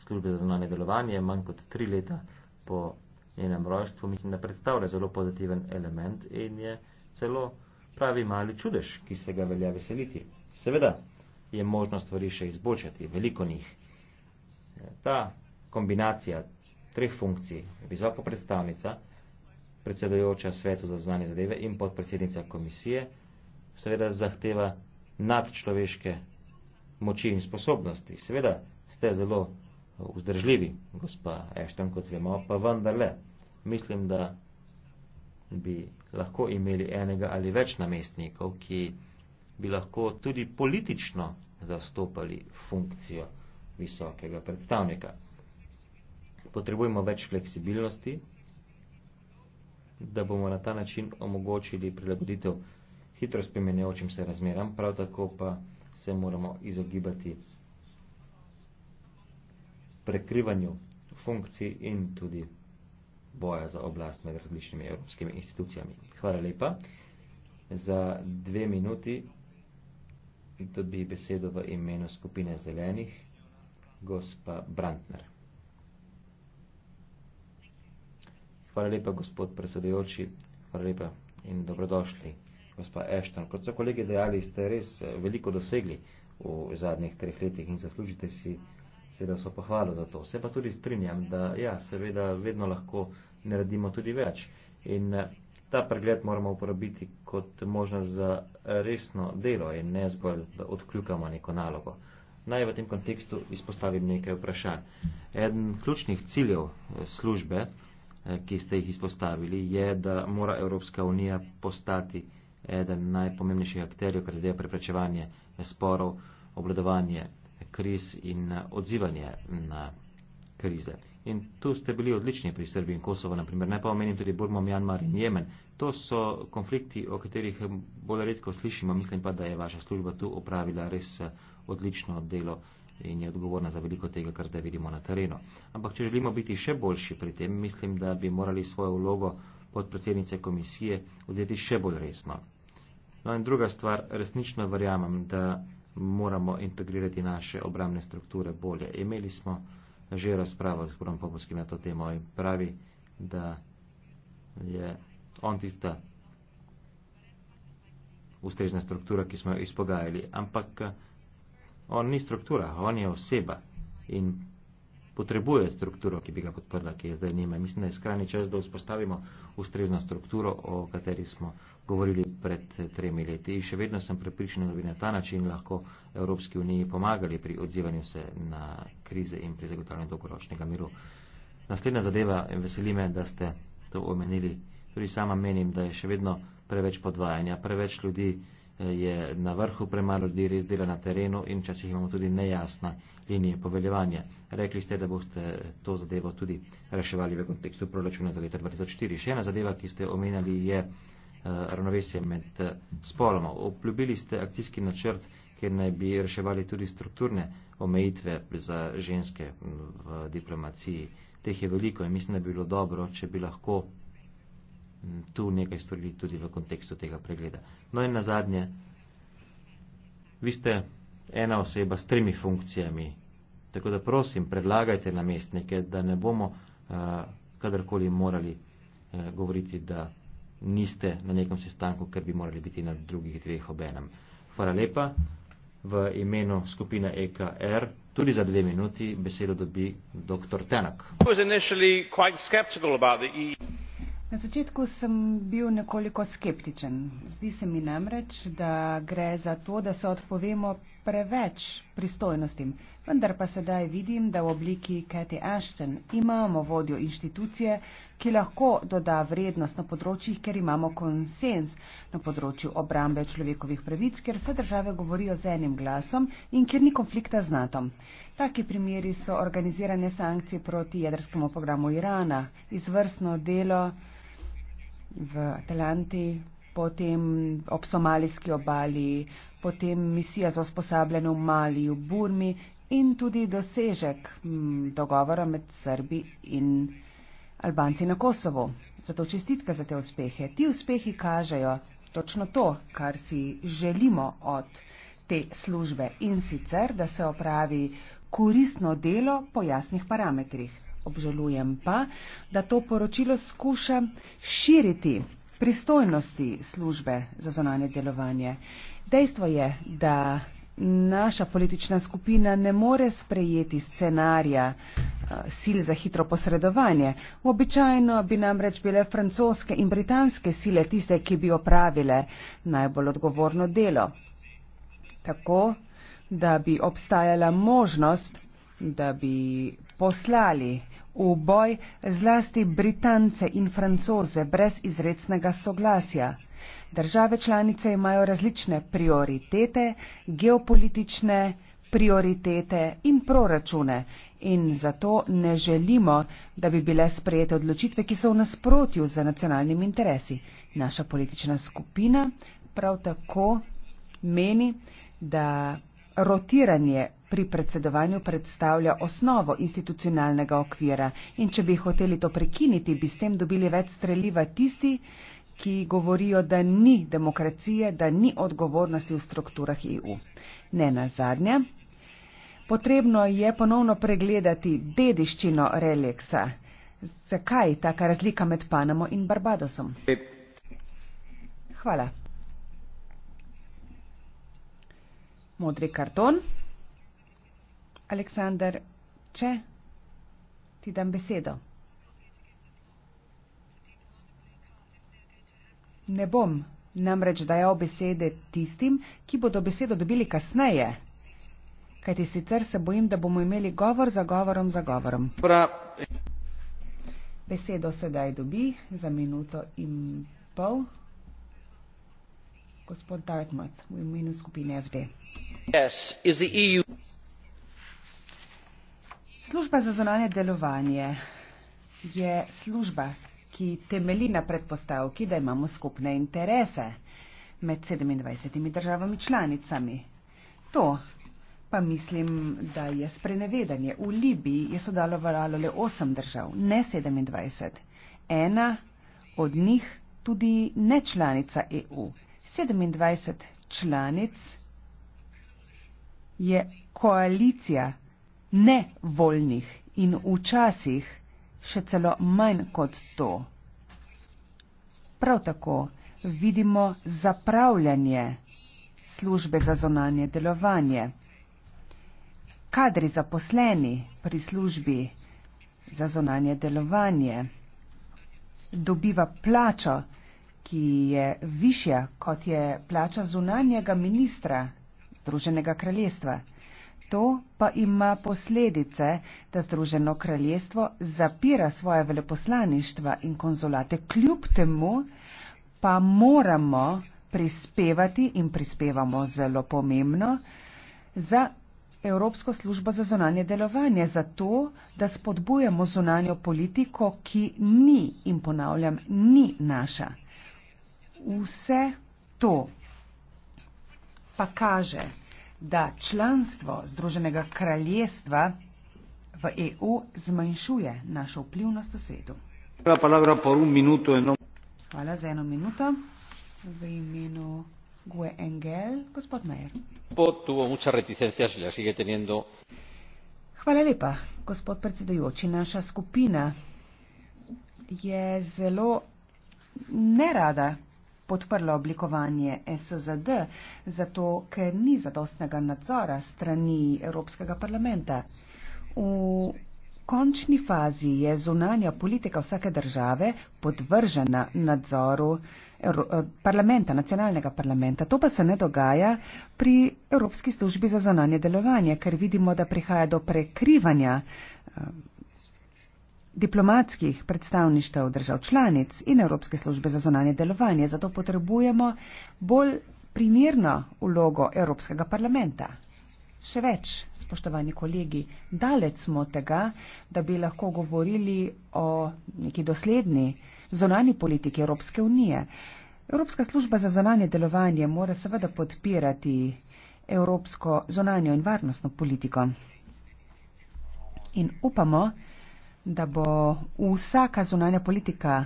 službe za zunanje delovanje, manj kot tri leta po njenem rojstvu, mislim, da predstavlja zelo pozitiven element in je celo pravi mali čudež, ki se ga velja veseliti. Seveda je možno stvari še izboljšati, veliko njih. Ta kombinacija treh funkcij. Visoka predstavnica, predsedujoča svetu za zunanje zadeve in podpredsednica komisije, seveda zahteva nadčloveške moči in sposobnosti. Seveda ste zelo vzdržljivi, gospa Ešton, kot vemo, pa vendarle mislim, da bi lahko imeli enega ali več namestnikov, ki bi lahko tudi politično zastopali funkcijo visokega predstavnika potrebujemo več fleksibilnosti, da bomo na ta način omogočili prilagoditev hitro spremenjajočim se razmeram, prav tako pa se moramo izogibati prekrivanju funkcij in tudi boja za oblast med različnimi evropskimi institucijami. Hvala lepa. Za dve minuti dobi besedo v imenu skupine zelenih gospa Brantner. Hvala lepa, gospod predsedujoči, hvala lepa in dobrodošli, gospod Ešton. Kot so kolegi dejali, ste res eh, veliko dosegli v zadnjih treh letih in zaslužite si seveda so pohvalo za to. Se pa tudi strinjam, da ja, seveda vedno lahko naredimo tudi več. In eh, ta pregled moramo uporabiti kot možnost za resno delo in ne zgolj, da odkljukamo neko nalogo. Naj v tem kontekstu izpostavim nekaj vprašanj. Eden ključnih ciljev eh, službe Eh, ki ste jih izpostavili, je, da mora Evropska unija postati eden najpomembnejših akterjev, kar zadeva preprečevanje sporov, obladovanje kriz in eh, odzivanje na krize. In tu ste bili odlični pri Srbiji in Kosovo, naprimer, ne pa omenim tudi Burmo, Mjanmar in Jemen. To so konflikti, o katerih bolj redko slišimo, mislim pa, da je vaša služba tu opravila res eh, odlično delo in je odgovorna za veliko tega, kar zdaj vidimo na terenu. Ampak če želimo biti še boljši pri tem, mislim, da bi morali svojo vlogo podpredsednice komisije vzeti še bolj resno. No in druga stvar, resnično verjamem, da moramo integrirati naše obramne strukture bolje. Imeli smo že razpravo s gospodom Popovskim na to temo in pravi, da je on tista ustrezna struktura, ki smo jo izpogajali. Ampak on ni struktura, on je oseba in potrebuje strukturo, ki bi ga podprla, ki je zdaj nima. Mislim, da je skrajni čas, da vzpostavimo ustrezno strukturo, o kateri smo govorili pred eh, tremi leti. In še vedno sem prepričan, da bi na ta način lahko Evropski uniji pomagali pri odzivanju se na krize in pri zagotavljanju dolgoročnega miru. Naslednja zadeva, veseli me, da ste to omenili. Tudi sama menim, da je še vedno preveč podvajanja, preveč ljudi je na vrhu premalo ljudi res dela na terenu in včasih imamo tudi nejasna linije poveljevanja. Rekli ste, da boste to zadevo tudi reševali v kontekstu proračuna za leto 2004. Še ena zadeva, ki ste omenjali, je eh, ravnovesje med eh, spoloma. Obljubili ste akcijski načrt, kjer naj bi reševali tudi strukturne omejitve za ženske v diplomaciji. Teh je veliko in mislim, da bi bilo dobro, če bi lahko Mm, tu nekaj stvari tudi v kontekstu tega pregleda. No in na zadnje, vi ste ena oseba s tremi funkcijami, tako da prosim, predlagajte namestnike, da ne bomo uh, kadarkoli morali uh, govoriti, da niste na nekem sestanku, ker bi morali biti na drugih dveh obenem. Hvala lepa. V imenu skupine EKR tudi za dve minuti besedo dobi dr. Tenak. Na začetku sem bil nekoliko skeptičen. Zdi se mi namreč, da gre za to, da se odpovemo preveč pristojnostim. Vendar pa sedaj vidim, da v obliki Kathy Ashton imamo vodjo inštitucije, ki lahko doda vrednost na področjih, ker imamo konsens na področju obrambe človekovih pravic, ker vse države govorijo z enim glasom in kjer ni konflikta z NATO. Taki primeri so organizirane sankcije proti jedrskemu programu Irana, izvrstno delo v Atlanti, potem ob somalijski obali, potem misija za usposabljanje v Mali, v Burmi in tudi dosežek mm, dogovora med Srbi in Albanci na Kosovo. Zato čestitke za te uspehe. Ti uspehi kažejo točno to, kar si želimo od te službe in sicer, da se opravi koristno delo po jasnih parametrih obžalujem pa, da to poročilo skuša širiti pristojnosti službe za zonanje delovanje. Dejstvo je, da naša politična skupina ne more sprejeti scenarija eh, sil za hitro posredovanje. Običajno bi namreč bile francoske in britanske sile tiste, ki bi opravile najbolj odgovorno delo. Tako, da bi obstajala možnost, da bi poslali v boj zlasti Britance in Francoze brez izrecnega soglasja. Države članice imajo različne prioritete, geopolitične prioritete in proračune in zato ne želimo, da bi bile sprejete odločitve, ki so v nasprotju z nacionalnimi interesi. Naša politična skupina prav tako meni, da rotiranje pri predsedovanju predstavlja osnovo institucionalnega okvira in če bi hoteli to prekiniti, bi s tem dobili več streljiva tisti, ki govorijo, da ni demokracije, da ni odgovornosti v strukturah EU. Ne na zadnje. Potrebno je ponovno pregledati dediščino Relixa. Zakaj taka razlika med Panamo in Barbadosom? Hvala. Modri karton. Aleksandar, če ti dam besedo. Ne bom namreč dajal besede tistim, ki bodo besedo dobili kasneje, kajti sicer se bojim, da bomo imeli govor za govorom za govorom. Besedo sedaj dobi za minuto in pol. Gospod Dartmouth v imenu skupine FD. Yes, Služba za zunanje delovanje je služba, ki temeli na predpostavki, da imamo skupne interese med 27 državami članicami. To pa mislim, da je sprenevedanje. V Libiji je sodelovalo le 8 držav, ne 27. Ena od njih tudi ne članica EU. 27 članic je koalicija nevoljnih in včasih še celo manj kot to. Prav tako vidimo zapravljanje službe za zonanje delovanje. Kadri zaposleni pri službi za zonanje delovanje dobiva plačo, ki je višja kot je plača zunanjega ministra Združenega kraljestva. To pa ima posledice, da Združeno kraljestvo zapira svoje veleposlaništva in konzulate. Kljub temu pa moramo prispevati in prispevamo zelo pomembno za Evropsko službo za zonanje delovanje, zato da spodbujamo zonanjo politiko, ki ni in ponavljam, ni naša. Vse to pa kaže, da članstvo Združenega kraljestva v EU zmanjšuje našo vplivnost v svetu. Hvala za eno minuto. V imenu Gue Engel, gospod Mejer. Hvala lepa, gospod predsedujoči. Naša skupina je zelo nerada podprla oblikovanje SZD, zato ker ni zadostnega nadzora strani Evropskega parlamenta. V končni fazi je zunanja politika vsake države podvržena nadzoru Euro eh, parlamenta, nacionalnega parlamenta. To pa se ne dogaja pri Evropski službi za zunanje delovanje, ker vidimo, da prihaja do prekrivanja eh, diplomatskih predstavništev držav članic in Evropske službe za zonanje delovanje, zato potrebujemo bolj primirno ulogo Evropskega parlamenta. Še več, spoštovani kolegi, daleč smo tega, da bi lahko govorili o neki dosledni zonani politiki Evropske unije. Evropska služba za zonanje delovanje mora seveda podpirati evropsko zonanjo in varnostno politiko. In upamo, da bo vsaka zunanja politika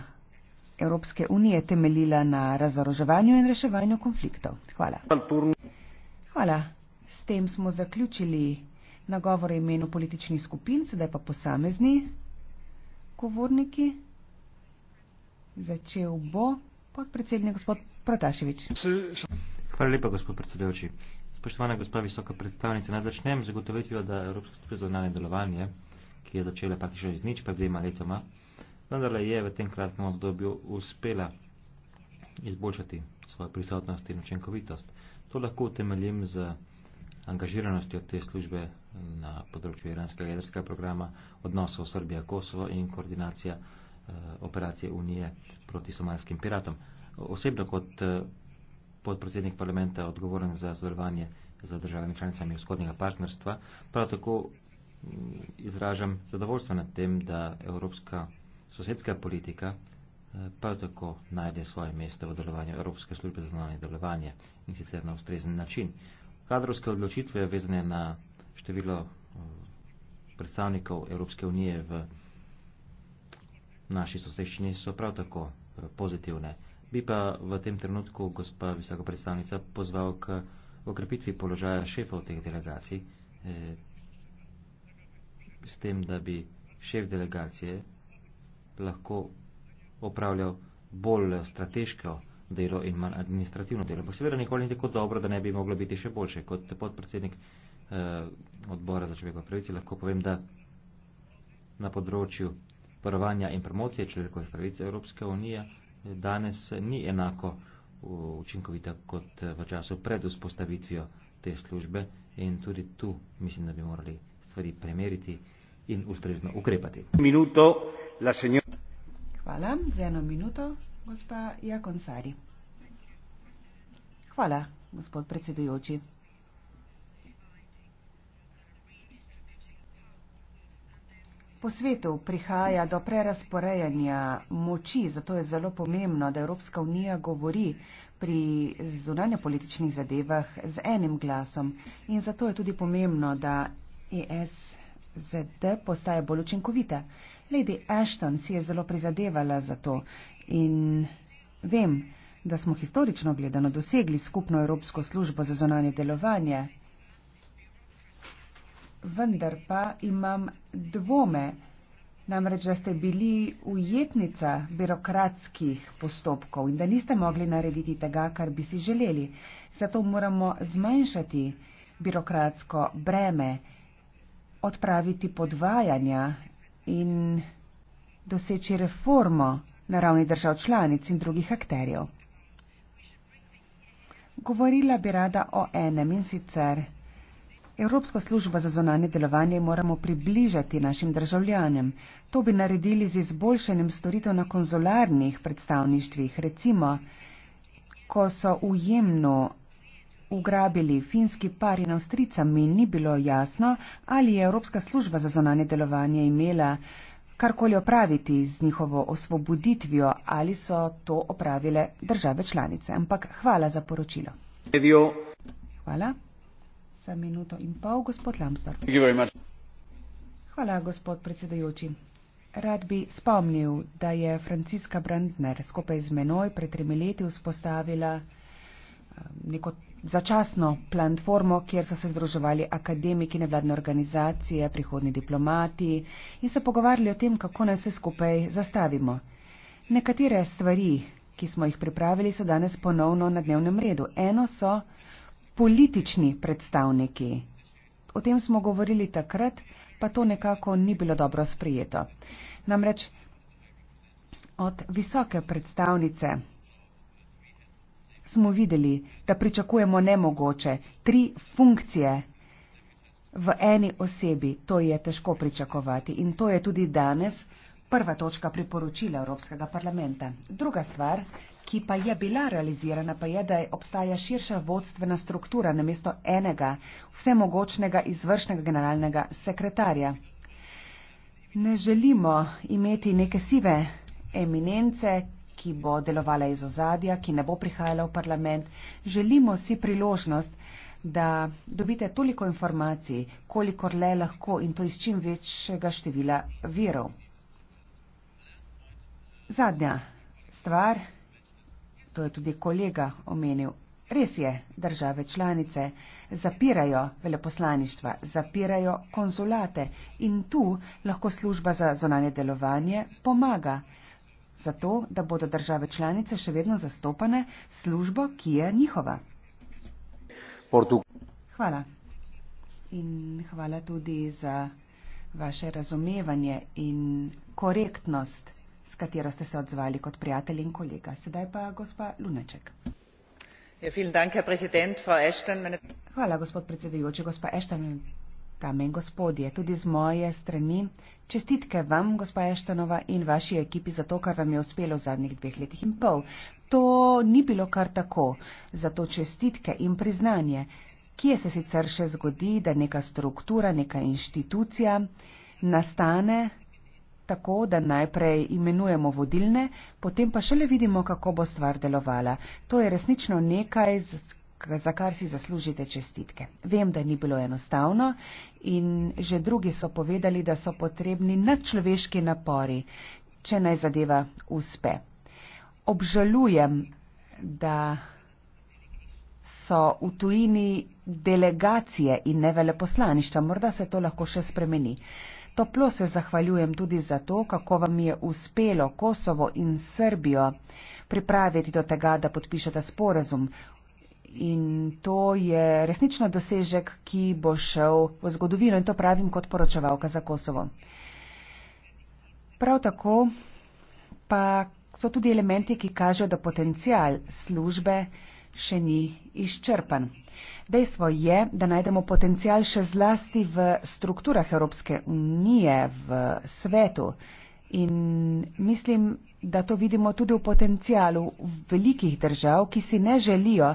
Evropske unije temeljila na razoroževanju in reševanju konfliktov. Hvala. Hvala. S tem smo zaključili nagovor imenu političnih skupin, sedaj pa posamezni govorniki. Začel bo podpredsednik gospod Protaševič. Hvala lepa, gospod predsedujoči. Spoštovana gospa visoka predstavnica, naj začnem z zagotovitvijo, da Evropska skupina za zunanje delovanje ki je začela praktično iz nič pred dvema letoma, vendar le je v tem kratkem obdobju uspela izboljšati svojo prisotnost in učinkovitost. To lahko utemeljim z angažiranostjo te službe na področju iranskega jedrskega programa, odnosov Srbija-Kosovo in koordinacija eh, operacije Unije proti somalskim piratom. Osebno kot eh, podpredsednik parlamenta odgovoren za sodelovanje za državami članicami vzhodnega partnerstva, prav tako Mm, izražam zadovoljstvo nad tem, da evropska sosedska politika eh, prav tako najde svoje mesto v delovanju Evropske službe za zunanje delovanje in sicer na ustrezen način. Kadrovske odločitve vezane na število eh, predstavnikov Evropske unije v naši sosedščini so prav tako eh, pozitivne. Bi pa v tem trenutku gospa visoka predstavnica pozval k okrepitvi položaja šefov teh delegacij, eh, s tem, da bi šef delegacije lahko opravljal bolj strateško delo in manj administrativno delo. Pa seveda nikoli ni tako dobro, da ne bi moglo biti še boljše. Kot podpredsednik eh, odbora za človekove pravice lahko povem, da na področju varovanja in promocije človekovih pravic Evropske unije eh, danes ni enako učinkovita kot eh, v času pred vzpostavitvijo te službe in tudi tu mislim, da bi morali stvari premeriti in ustrezno ukrepati. Minuto, la senjor... Hvala za eno minuto, gospa Jakonsari. Hvala, gospod predsedujoči. Po svetu prihaja do prerasporejanja moči, zato je zelo pomembno, da Evropska unija govori pri zunanjepolitičnih zadevah z enim glasom. In zato je tudi pomembno, da ESZD postaja bolj učinkovita. Lady Ashton si je zelo prizadevala za to in vem, da smo historično gledano dosegli skupno Evropsko službo za zonanje delovanje. Vendar pa imam dvome, namreč, da ste bili ujetnica birokratskih postopkov in da niste mogli narediti tega, kar bi si želeli. Zato moramo zmanjšati birokratsko breme odpraviti podvajanja in doseči reformo na ravni držav članic in drugih akterjev. Govorila bi rada o enem in sicer. Evropsko službo za zonanje delovanje moramo približati našim državljanjem. To bi naredili z izboljšanjem storitev na konzularnih predstavništvih, recimo, ko so ujemno ugrabili finski par in avstrica, mi ni bilo jasno, ali je Evropska služba za zonanje delovanje imela karkoli opraviti z njihovo osvoboditvijo ali so to opravile države članice. Ampak hvala za poročilo. Hvala. Za minuto in pol, gospod Lamstor. Hvala, gospod predsedajoči. Rad bi spomnil, da je Franciska Brandner skupaj z menoj pred tremi leti vzpostavila eh, neko začasno platformo, kjer so se združevali akademiki, nevladne organizacije, prihodni diplomati in se pogovarjali o tem, kako naj se skupaj zastavimo. Nekatere stvari, ki smo jih pripravili, so danes ponovno na dnevnem redu. Eno so politični predstavniki. O tem smo govorili takrat, pa to nekako ni bilo dobro sprijeto. Namreč od visoke predstavnice smo videli, da pričakujemo nemogoče, tri funkcije v eni osebi, to je težko pričakovati in to je tudi danes prva točka priporočila Evropskega parlamenta. Druga stvar, ki pa je bila realizirana, pa je, da je obstaja širša vodstvena struktura namesto enega vsemogočnega izvršnega generalnega sekretarja. Ne želimo imeti neke sive eminence, ki bo delovala iz ozadja, ki ne bo prihajala v parlament. Želimo si priložnost, da dobite toliko informacij, kolikor le lahko in to iz čim večjega števila virov. Zadnja stvar, to je tudi kolega omenil, res je, države članice zapirajo veleposlaništva, zapirajo konzulate in tu lahko služba za zonanje delovanje pomaga zato da bodo države članice še vedno zastopane službo, ki je njihova. Portug hvala. In hvala tudi za vaše razumevanje in korektnost, s katero ste se odzvali kot prijatelj in kolega. Sedaj pa gospa Luneček. Ja, hvala, gospod predsedujoči, gospa Ešten dame in gospodje, tudi z moje strani. Čestitke vam, gospa Eštonova, in vaši ekipi za to, kar vam je uspelo v zadnjih dveh letih in pol. To ni bilo kar tako, zato čestitke in priznanje. Kje se sicer še zgodi, da neka struktura, neka inštitucija nastane tako, da najprej imenujemo vodilne, potem pa šele vidimo, kako bo stvar delovala. To je resnično nekaj, za kar si zaslužite čestitke. Vem, da ni bilo enostavno in že drugi so povedali, da so potrebni nadčloveški napori, če naj zadeva uspe. Obžalujem, da so v tujini delegacije in ne veleposlaništva, morda se to lahko še spremeni. Toplo se zahvaljujem tudi za to, kako vam je uspelo Kosovo in Srbijo pripraviti do tega, da podpišete sporazum in to je resnično dosežek, ki bo šel v zgodovino in to pravim kot poročevalka za Kosovo. Prav tako pa so tudi elementi, ki kažejo, da potencial službe še ni izčrpan. Dejstvo je, da najdemo potencial še zlasti v strukturah Evropske unije, v svetu, In mislim, da to vidimo tudi v potencijalu velikih držav, ki si ne želijo,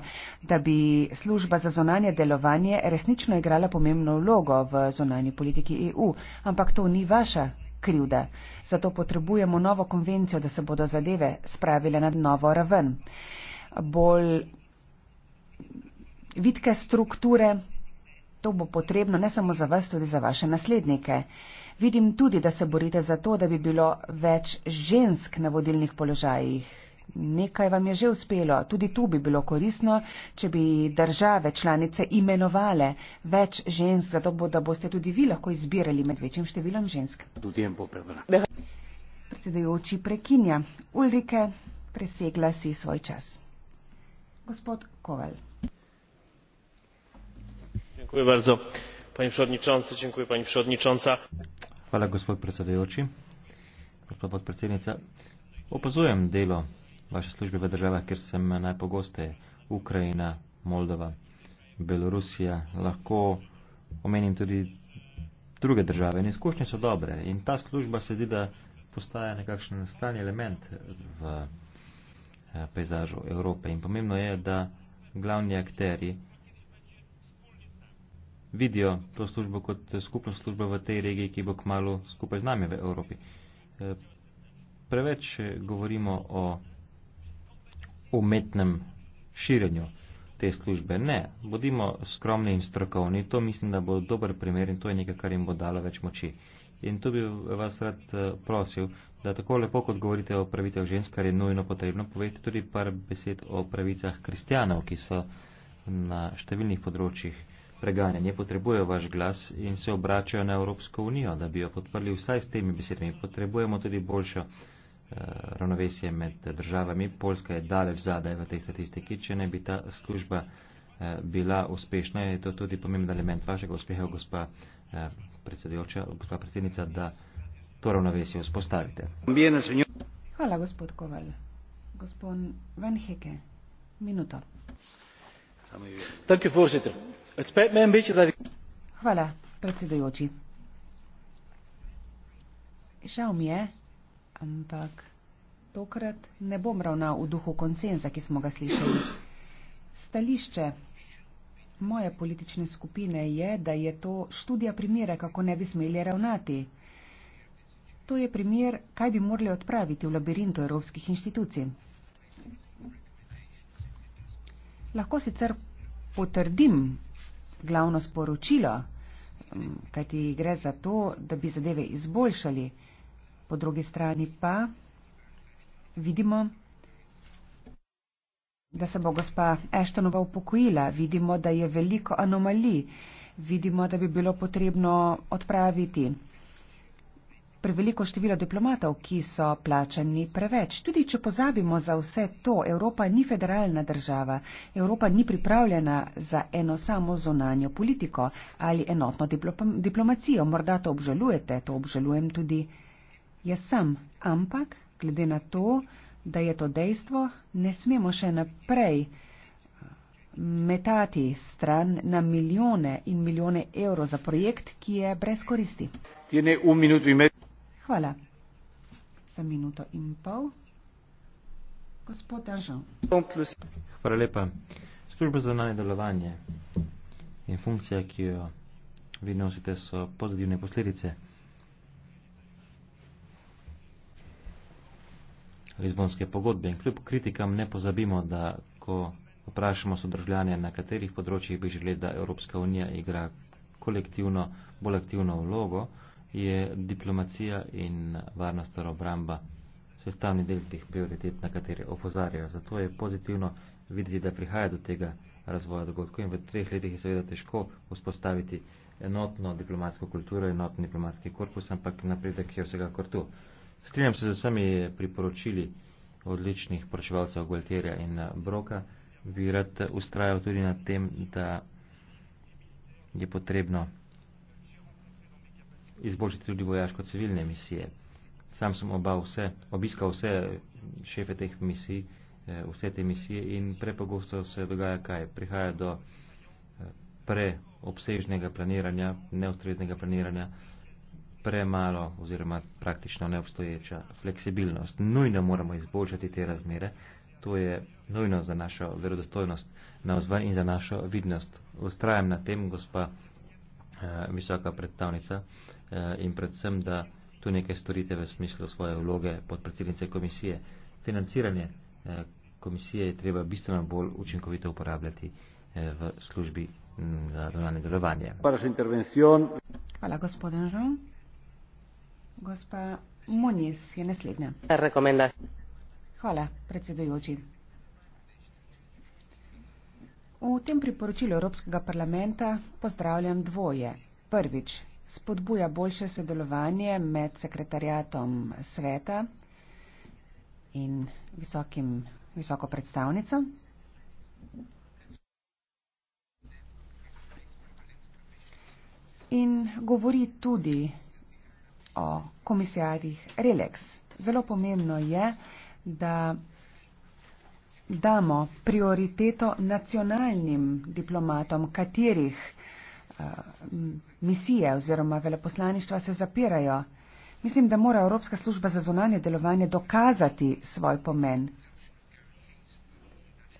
da bi služba za zonanje delovanje resnično igrala pomembno vlogo v zonanji politiki EU. Ampak to ni vaša krivda. Zato potrebujemo novo konvencijo, da se bodo zadeve spravile na novo raven. Bolj vidke strukture, to bo potrebno ne samo za vas, tudi za vaše naslednike. Vidim tudi, da se borite za to, da bi bilo več žensk na vodilnih položajih. Nekaj vam je že uspelo, tudi tu bi bilo korisno, če bi države članice imenovale več žensk, zato bo, da boste tudi vi lahko izbirali med večjim številom žensk. Predsedujoči prekinja. Ulrike, presegla si svoj čas. Gospod Koval. Dziękuję bardzo. Panie Przewodniczący, dziękuję Pani Przewodnicząca. Hvala gospod predsedujoči, gospod podpredsednica. Opazujem delo vaše službe v državah, kjer sem najpogosteje Ukrajina, Moldova, Belorusija. Lahko omenim tudi druge države. In izkušnje so dobre in ta služba se zdi, da postaja nekakšen stalni element v eh, pejzažu Evrope. In pomembno je, da glavni akteri vidijo to službo kot skupno službo v tej regiji, ki bo kmalo skupaj z nami v Evropi. E, preveč e, govorimo o umetnem širjenju te službe. Ne, bodimo skromni in strokovni, to mislim, da bo dober primer in to je nekaj, kar jim bo dalo več moči. In to bi vas rad e, prosil, da tako lepo, kot govorite o pravicah žensk, kar je nujno potrebno, poveste tudi par besed o pravicah kristjanov, ki so na številnih področjih preganjanje, potrebujejo vaš glas in se obračajo na Evropsko unijo, da bi jo podprli vsaj s temi besedami. Potrebujemo tudi boljšo eh, ravnovesje med državami. Polska je daleč zadaj v tej statistiki. Če ne bi ta služba eh, bila uspešna, je to tudi pomemben element vašega uspeha, gospa eh, predsedujoča, gospa predsednica, da to ravnovesje vzpostavite. Hvala, gospod Koval. Gospod Van Heke, minuto. Hvala, gospod predsednik. Hvala, predsedujoči. Žal mi je, ampak tokrat ne bom ravnal v duhu konsenza, ki smo ga slišali. Stališče moje politične skupine je, da je to študija primere, kako ne bi smeli ravnati. To je primer, kaj bi morali odpraviti v labirintu evropskih inštitucij. Lahko sicer potrdim glavno sporočilo, mm, kaj ti gre za to, da bi zadeve izboljšali. Po drugi strani pa vidimo, da se bo gospa Eštonova upokojila, vidimo, da je veliko anomalij, vidimo, da bi bilo potrebno odpraviti preveliko število diplomatov, ki so plačani preveč. Tudi, če pozabimo za vse to, Evropa ni federalna država, Evropa ni pripravljena za eno samo zonanjo politiko ali enotno diplomacijo. Morda to obžalujete, to obžalujem tudi jaz sam, ampak glede na to, da je to dejstvo, ne smemo še naprej eh, metati stran na milijone in milijone evrov za projekt, ki je brez koristi. Tiene un minuto in medio. Hvala. Za minuto in pol. Gospod Držav. Hvala lepa. Služba za nane delovanje in funkcija, ki jo vi nosite, so pozitivne posledice Lizbonske pogodbe. In kljub kritikam ne pozabimo, da ko vprašamo sodržljanje, na katerih področjih bi želeli, da Evropska unija igra kolektivno, bolj aktivno vlogo, je diplomacija in varnost ter obramba sestavni del teh prioritet, na katere opozarjajo. Zato je pozitivno videti, da prihaja do tega razvoja dogodkov in v treh letih je seveda težko vzpostaviti enotno diplomatsko kulturo, enotni diplomatski korpus, ampak napredek je vsega kor tu. Strinjam se z vsemi priporočili odličnih poročevalcev Gualtierja in eh, Broka, bi rad ustrajal tudi na tem, da je potrebno izboljšati tudi vojaško-civilne misije. Sam sem oba vse, obiskal vse eh, šefe teh misij, eh, vse te misije in prepogosto se dogaja kaj. Prihaja do eh, preobsežnega planiranja, neustreznega planiranja, premalo oziroma praktično neobstoječa fleksibilnost. Nujno moramo izboljšati te razmere, to je nujno za našo verodostojnost na vzven in za našo vidnost. Ustrajam na tem, gospa visoka predstavnica, Eh, in predvsem, da tu nekaj storite v smislu svoje vloge podpredsednice komisije. Financiranje eh, komisije je treba bistveno bolj učinkovito uporabljati eh, v službi za donalne delovanje. Hvala, gospodin Žal. Gospa Muniz je naslednja. Hvala, predsedujoči. V tem priporočilu Evropskega parlamenta pozdravljam dvoje. Prvič, spodbuja boljše sodelovanje med sekretarjatom sveta in visokim, visoko predstavnico. In govori tudi o komisijarjih Relex. Zelo pomembno je, da damo prioriteto nacionalnim diplomatom, katerih Eh, misije oziroma veleposlaništva se zapirajo. Mislim, da mora Evropska služba za zunanje delovanje dokazati svoj pomen.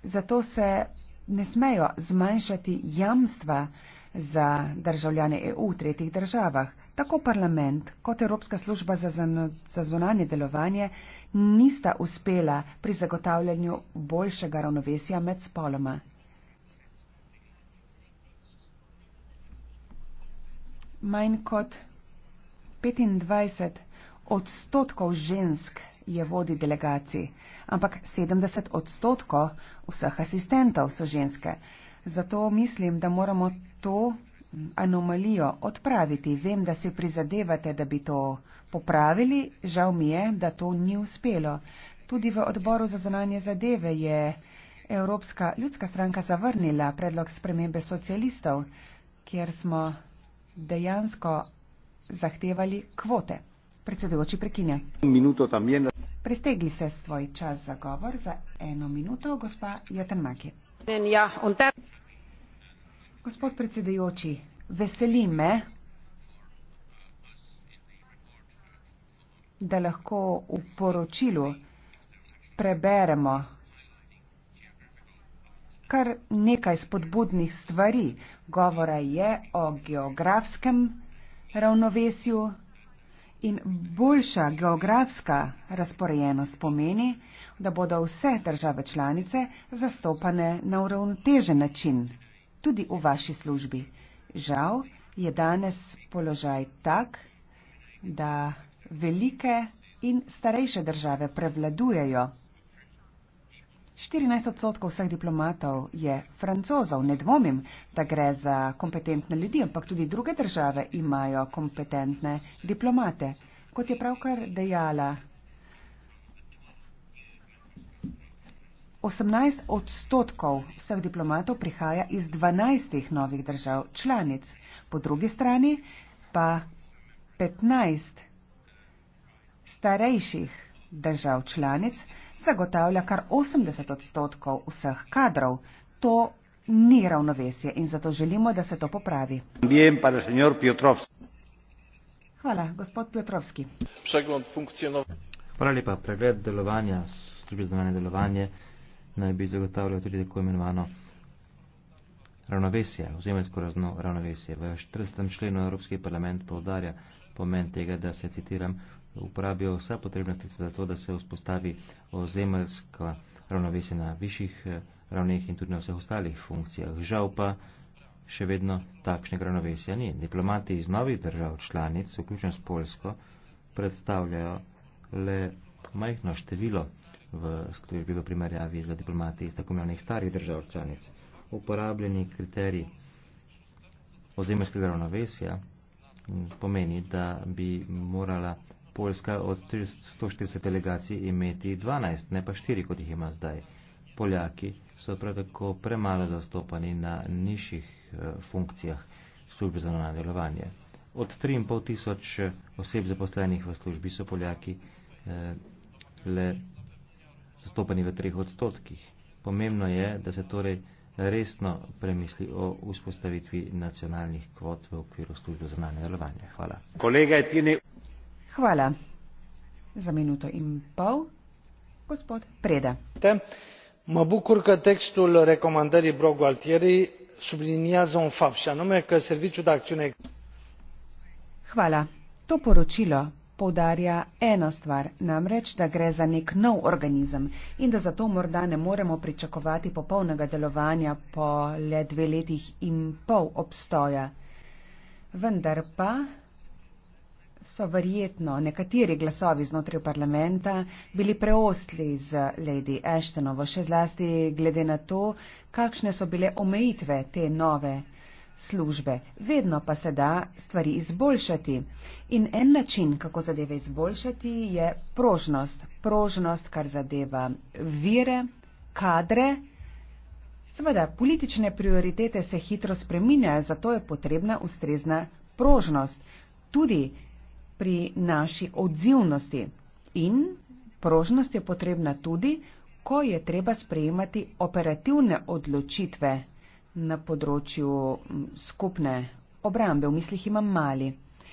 Zato se ne smejo zmanjšati jamstva za državljane EU v tretjih državah. Tako parlament kot Evropska služba za, za zunanje delovanje nista uspela pri zagotavljanju boljšega ravnovesja med spoloma. manj kot 25 odstotkov žensk je vodi delegacij, ampak 70 odstotkov vseh asistentov so ženske. Zato mislim, da moramo to anomalijo odpraviti. Vem, da si prizadevate, da bi to popravili. Žal mi je, da to ni uspelo. Tudi v odboru za zonanje zadeve je Evropska ljudska stranka zavrnila predlog spremembe socialistov, kjer smo dejansko zahtevali kvote. Predsedujoči prekinja. Prestegli se svoj čas za govor za eno minuto, gospa Jatenmaki. Ja, ter... Gospod predsedujoči, veseli me, da lahko v poročilu preberemo kar nekaj spodbudnih stvari. Govora je o geografskem ravnovesju in boljša geografska razporejenost pomeni, da bodo vse države članice zastopane na uravnotežen način, tudi v vaši službi. Žal je danes položaj tak, da velike in starejše države prevladujejo. 14 odstotkov vseh diplomatov je francozov. Ne dvomim, da gre za kompetentne ljudi, ampak tudi druge države imajo kompetentne diplomate. Kot je pravkar dejala, 18 odstotkov vseh diplomatov prihaja iz 12 novih držav članic, po drugi strani pa 15 starejših držav članic zagotavlja kar 80 odstotkov vseh kadrov. To ni ravnovesje in zato želimo, da se to popravi. Hvala, gospod Piotrovski. Hvala lepa. Pregled delovanja, službe za zunanje delovanje, naj bi zagotavljal tudi tako imenovano ravnovesje, ozemeljsko razno ravnovesje. V 40. členu Evropski parlament povdarja pomen tega, da se, citiram, uporabijo vsa potrebna sredstva za to, da se vzpostavi ozemeljska ravnovesje na višjih eh, ravneh in tudi na vseh ostalih funkcijah. Žal pa še vedno takšnega ravnovesja ni. Diplomati iz novih držav članic, vključno s Polsko, predstavljajo le majhno število v službi v primerjavi za diplomati iz tako imenovanih starih držav članic. Uporabljeni kriterij ozemeljskega ravnovesja pomeni, da bi morala Poljska od 140 delegacij imeti 12, ne pa 4, kot jih ima zdaj. Poljaki so prav tako premalo zastopani na nižjih eh, funkcijah službe za nadaljevanje. Od 3,5 tisoč eh, oseb zaposlenih v službi so Poljaki eh, le zastopani v 3 odstotkih. Pomembno je, da se torej resno premisli o vzpostavitvi nacionalnih kvot v okviru službe za nadaljevanje. Hvala. Kolega, tini... Hvala. Za minuto in pol, gospod Preda. Mă bucur că textul recomandării Brog Altieri subliniază un fapt, și anume că serviciul de acțiune. Hvala. To poročilo poudarja eno stvar, namreč, da gre za nek nov organizem in da zato morda ne moremo pričakovati popolnega delovanja po le dve letih in pol obstoja. Vendar pa so verjetno nekateri glasovi znotraj parlamenta bili preostli z Lady Ashtonovo, še zlasti glede na to, kakšne so bile omejitve te nove službe. Vedno pa se da stvari izboljšati. In en način, kako zadeve izboljšati, je prožnost. Prožnost, kar zadeva vire, kadre. Seveda, politične prioritete se hitro spreminjajo, zato je potrebna ustrezna prožnost. Tudi pri naši odzivnosti in prožnost je potrebna tudi, ko je treba sprejemati operativne odločitve na področju skupne obrambe. V mislih imam mali.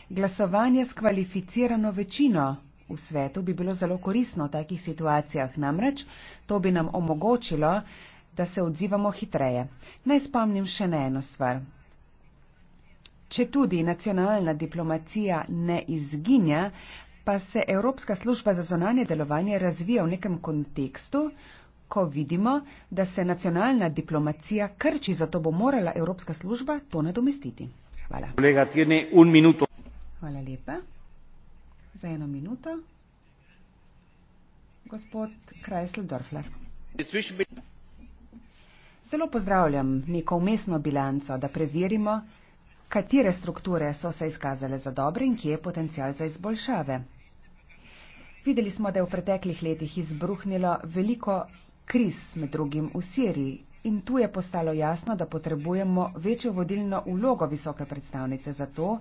Glasovanje s kvalificirano večino v svetu bi bilo zelo korisno v takih situacijah, namreč to bi nam omogočilo, da se odzivamo hitreje. Naj spomnim še na eno stvar. Če tudi nacionalna diplomacija ne izginja, pa se Evropska služba za zonanje delovanje razvija v nekem kontekstu, ko vidimo, da se nacionalna diplomacija krči, zato bo morala Evropska služba to nadomestiti. Hvala. Kolega Tirne, un minuto. Hvala lepa. Za eno minuto. Gospod Krajsel Dorfler. Zelo pozdravljam neko umestno bilanco, da preverimo, katere strukture so se izkazale za dobre in kje je potencial za izboljšave. Videli smo, da je v preteklih letih izbruhnilo veliko kriz, med drugim v Siriji, in tu je postalo jasno, da potrebujemo večjo vodilno ulogo visoke predstavnice za to,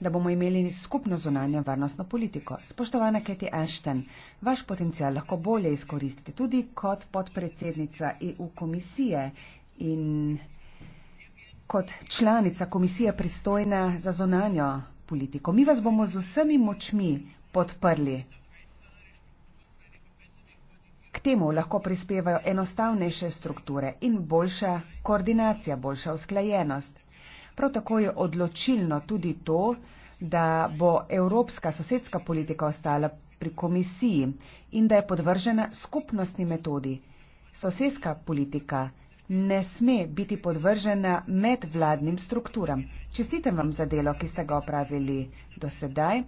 da bomo imeli skupno zunanje varnostno politiko. Spoštovana Keti Ashton, vaš potencial lahko bolje izkoristite tudi kot podpredsednica EU komisije in kot članica komisije pristojna za zonanjo politiko. Mi vas bomo z vsemi močmi podprli. K temu lahko prispevajo enostavnejše strukture in boljša koordinacija, boljša usklajenost. Prav tako je odločilno tudi to, da bo evropska sosedska politika ostala pri komisiji in da je podvržena skupnostni metodi. Sosedska politika ne sme biti podvržena medvladnim strukturam. Čestitam vam za delo, ki ste ga opravili do sedaj.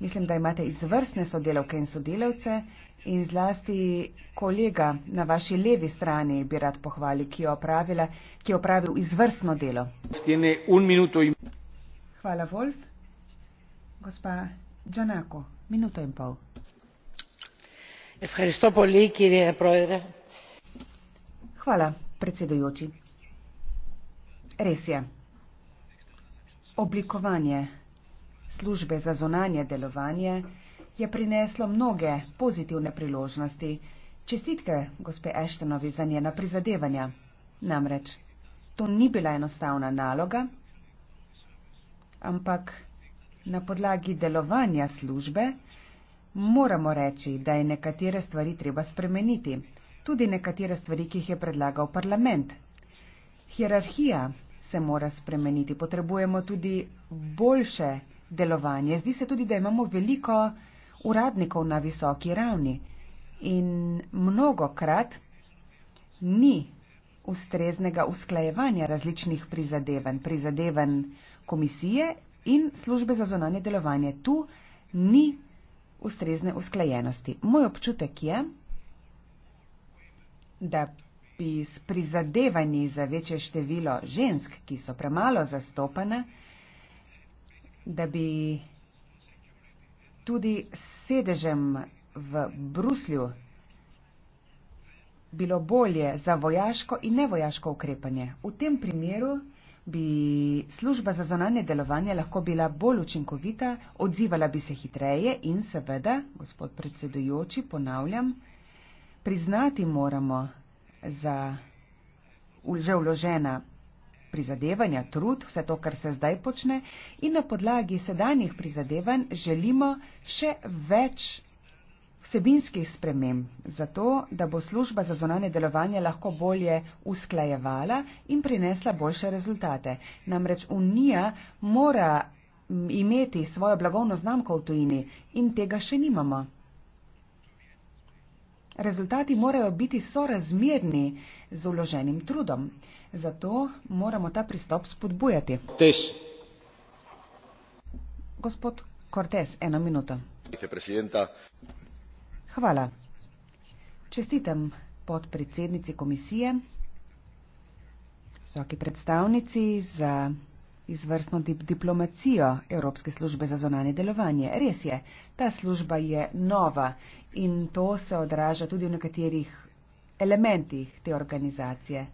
Mislim, da imate izvrstne sodelavke in sodelavce in zlasti kolega na vaši levi strani bi rad pohvali, ki je, opravila, ki je opravil izvrstno delo. Hvala, Wolf. Gospa Džanako, minuto in pol. Hvala, predsedujoči. Res je. Oblikovanje službe za zonanje delovanje je prineslo mnoge pozitivne priložnosti. Čestitke gospe Eštenovi za njena prizadevanja. Namreč, to ni bila enostavna naloga, ampak na podlagi delovanja službe moramo reči, da je nekatere stvari treba spremeniti tudi nekatere stvari, ki jih je predlagal parlament. Hierarhija se mora spremeniti, potrebujemo tudi boljše delovanje. Zdi se tudi, da imamo veliko uradnikov na visoki ravni in mnogo krat ni ustreznega usklajevanja različnih prizadevanj, prizadevanj komisije in službe za zonanje delovanje. Tu ni ustrezne usklajenosti. Moj občutek je, da bi s prizadevanji za večje število žensk, ki so premalo zastopane, da bi tudi sedežem v Bruslju bilo bolje za vojaško in nevojaško ukrepanje. V tem primeru bi služba za zonanje delovanje lahko bila bolj učinkovita, odzivala bi se hitreje in seveda, gospod predsedujoči, ponavljam, priznati moramo za že vložena prizadevanja, trud, vse to, kar se zdaj počne in na podlagi sedanjih prizadevanj želimo še več vsebinskih sprememb, zato da bo služba za zonanje delovanje lahko bolje usklajevala in prinesla boljše rezultate. Namreč Unija mora imeti svojo blagovno znamko v tujini in tega še nimamo. Rezultati morajo biti sorazmerni z uloženim trudom. Zato moramo ta pristop spodbujati. Tež. Gospod Cortez, eno minuto. Hvala. Čestitam podpredsednici komisije, visoki predstavnici za izvrstno dip diplomacijo Evropske službe za zonanje delovanje. Res je, ta služba je nova in to se odraža tudi v nekaterih elementih te organizacije.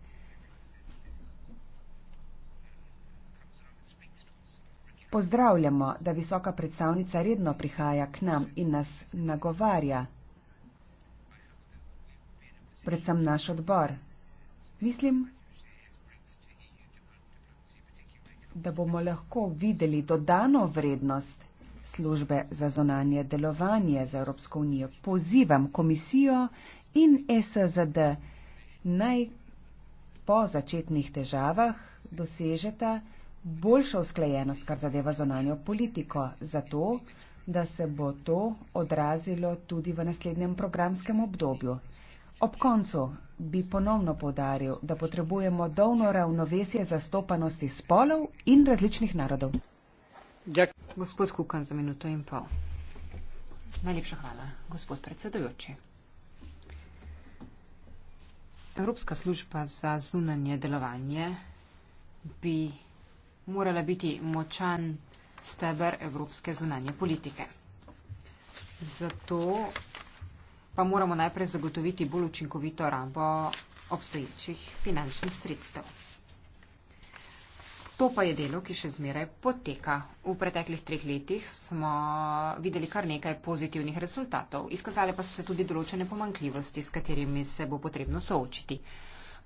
Pozdravljamo, da visoka predstavnica redno prihaja k nam in nas nagovarja, predvsem naš odbor. Mislim, da bomo lahko videli dodano vrednost službe za zonanje delovanje za Evropsko unijo, pozivam komisijo in SZD naj po začetnih težavah dosežeta boljšo usklajenost, kar zadeva zonanjo politiko, zato, da se bo to odrazilo tudi v naslednjem programskem obdobju. Ob koncu bi ponovno povdaril, da potrebujemo dolno ravnovesje zastopanosti spolov in različnih narodov. Jak. Gospod Kukan, za minuto in pol. Najlepša hvala, gospod predsedujoči. Evropska služba za zunanje delovanje bi morala biti močan steber evropske zunanje politike. Zato pa moramo najprej zagotoviti bolj učinkovito rabo obstoječih finančnih sredstev. To pa je delo, ki še zmeraj poteka. V preteklih treh letih smo videli kar nekaj pozitivnih rezultatov, izkazale pa so se tudi določene pomankljivosti, s katerimi se bo potrebno soočiti.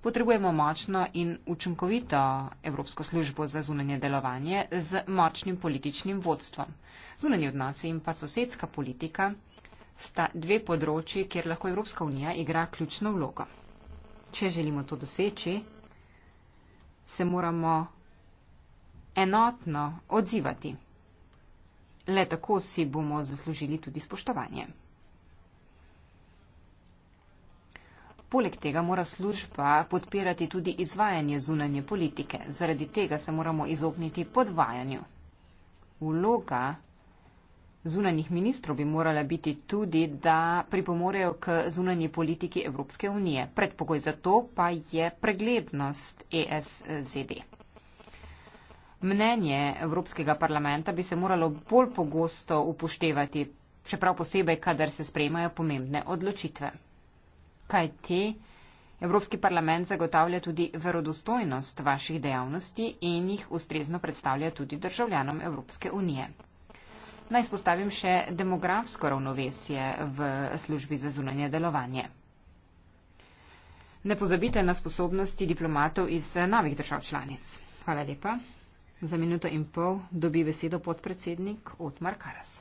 Potrebujemo močno in učinkovito Evropsko službo za zunanje delovanje z močnim političnim vodstvom. Zunanje odnose in pa sosedska politika sta dve področji, kjer lahko Evropska unija igra ključno vlogo. Če želimo to doseči, se moramo enotno odzivati. Le tako si bomo zaslužili tudi spoštovanje. Poleg tega mora služba podpirati tudi izvajanje zunanje politike. Zaradi tega se moramo izogniti podvajanju. Vloga zunanjih ministrov bi morala biti tudi, da pripomorejo k zunanji politiki Evropske unije. Predpogoj za to pa je preglednost ESZD. Mnenje Evropskega parlamenta bi se moralo bolj pogosto upoštevati, čeprav posebej, kadar se sprejmajo pomembne odločitve. Kaj te? Evropski parlament zagotavlja tudi verodostojnost vaših dejavnosti in jih ustrezno predstavlja tudi državljanom Evropske unije. Naj spostavim še demografsko ravnovesje v službi za zunanje delovanje. Ne pozabite na sposobnosti diplomatov iz eh, novih držav članic. Hvala lepa. Za minuto in pol dobi besedo podpredsednik Otmar Karas.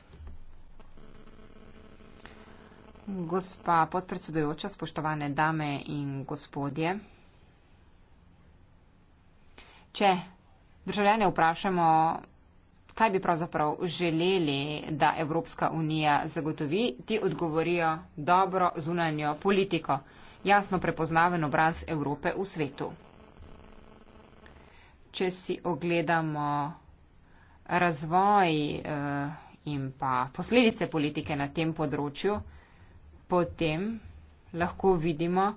Gospa podpredsedujoča, spoštovane dame in gospodje. Če državljane vprašamo, kaj bi pravzaprav želeli, da Evropska unija zagotovi, ti odgovorijo dobro zunanjo politiko, jasno prepoznaven obraz Evrope v svetu. Če si ogledamo razvoj eh, in pa posledice politike na tem področju, potem lahko vidimo,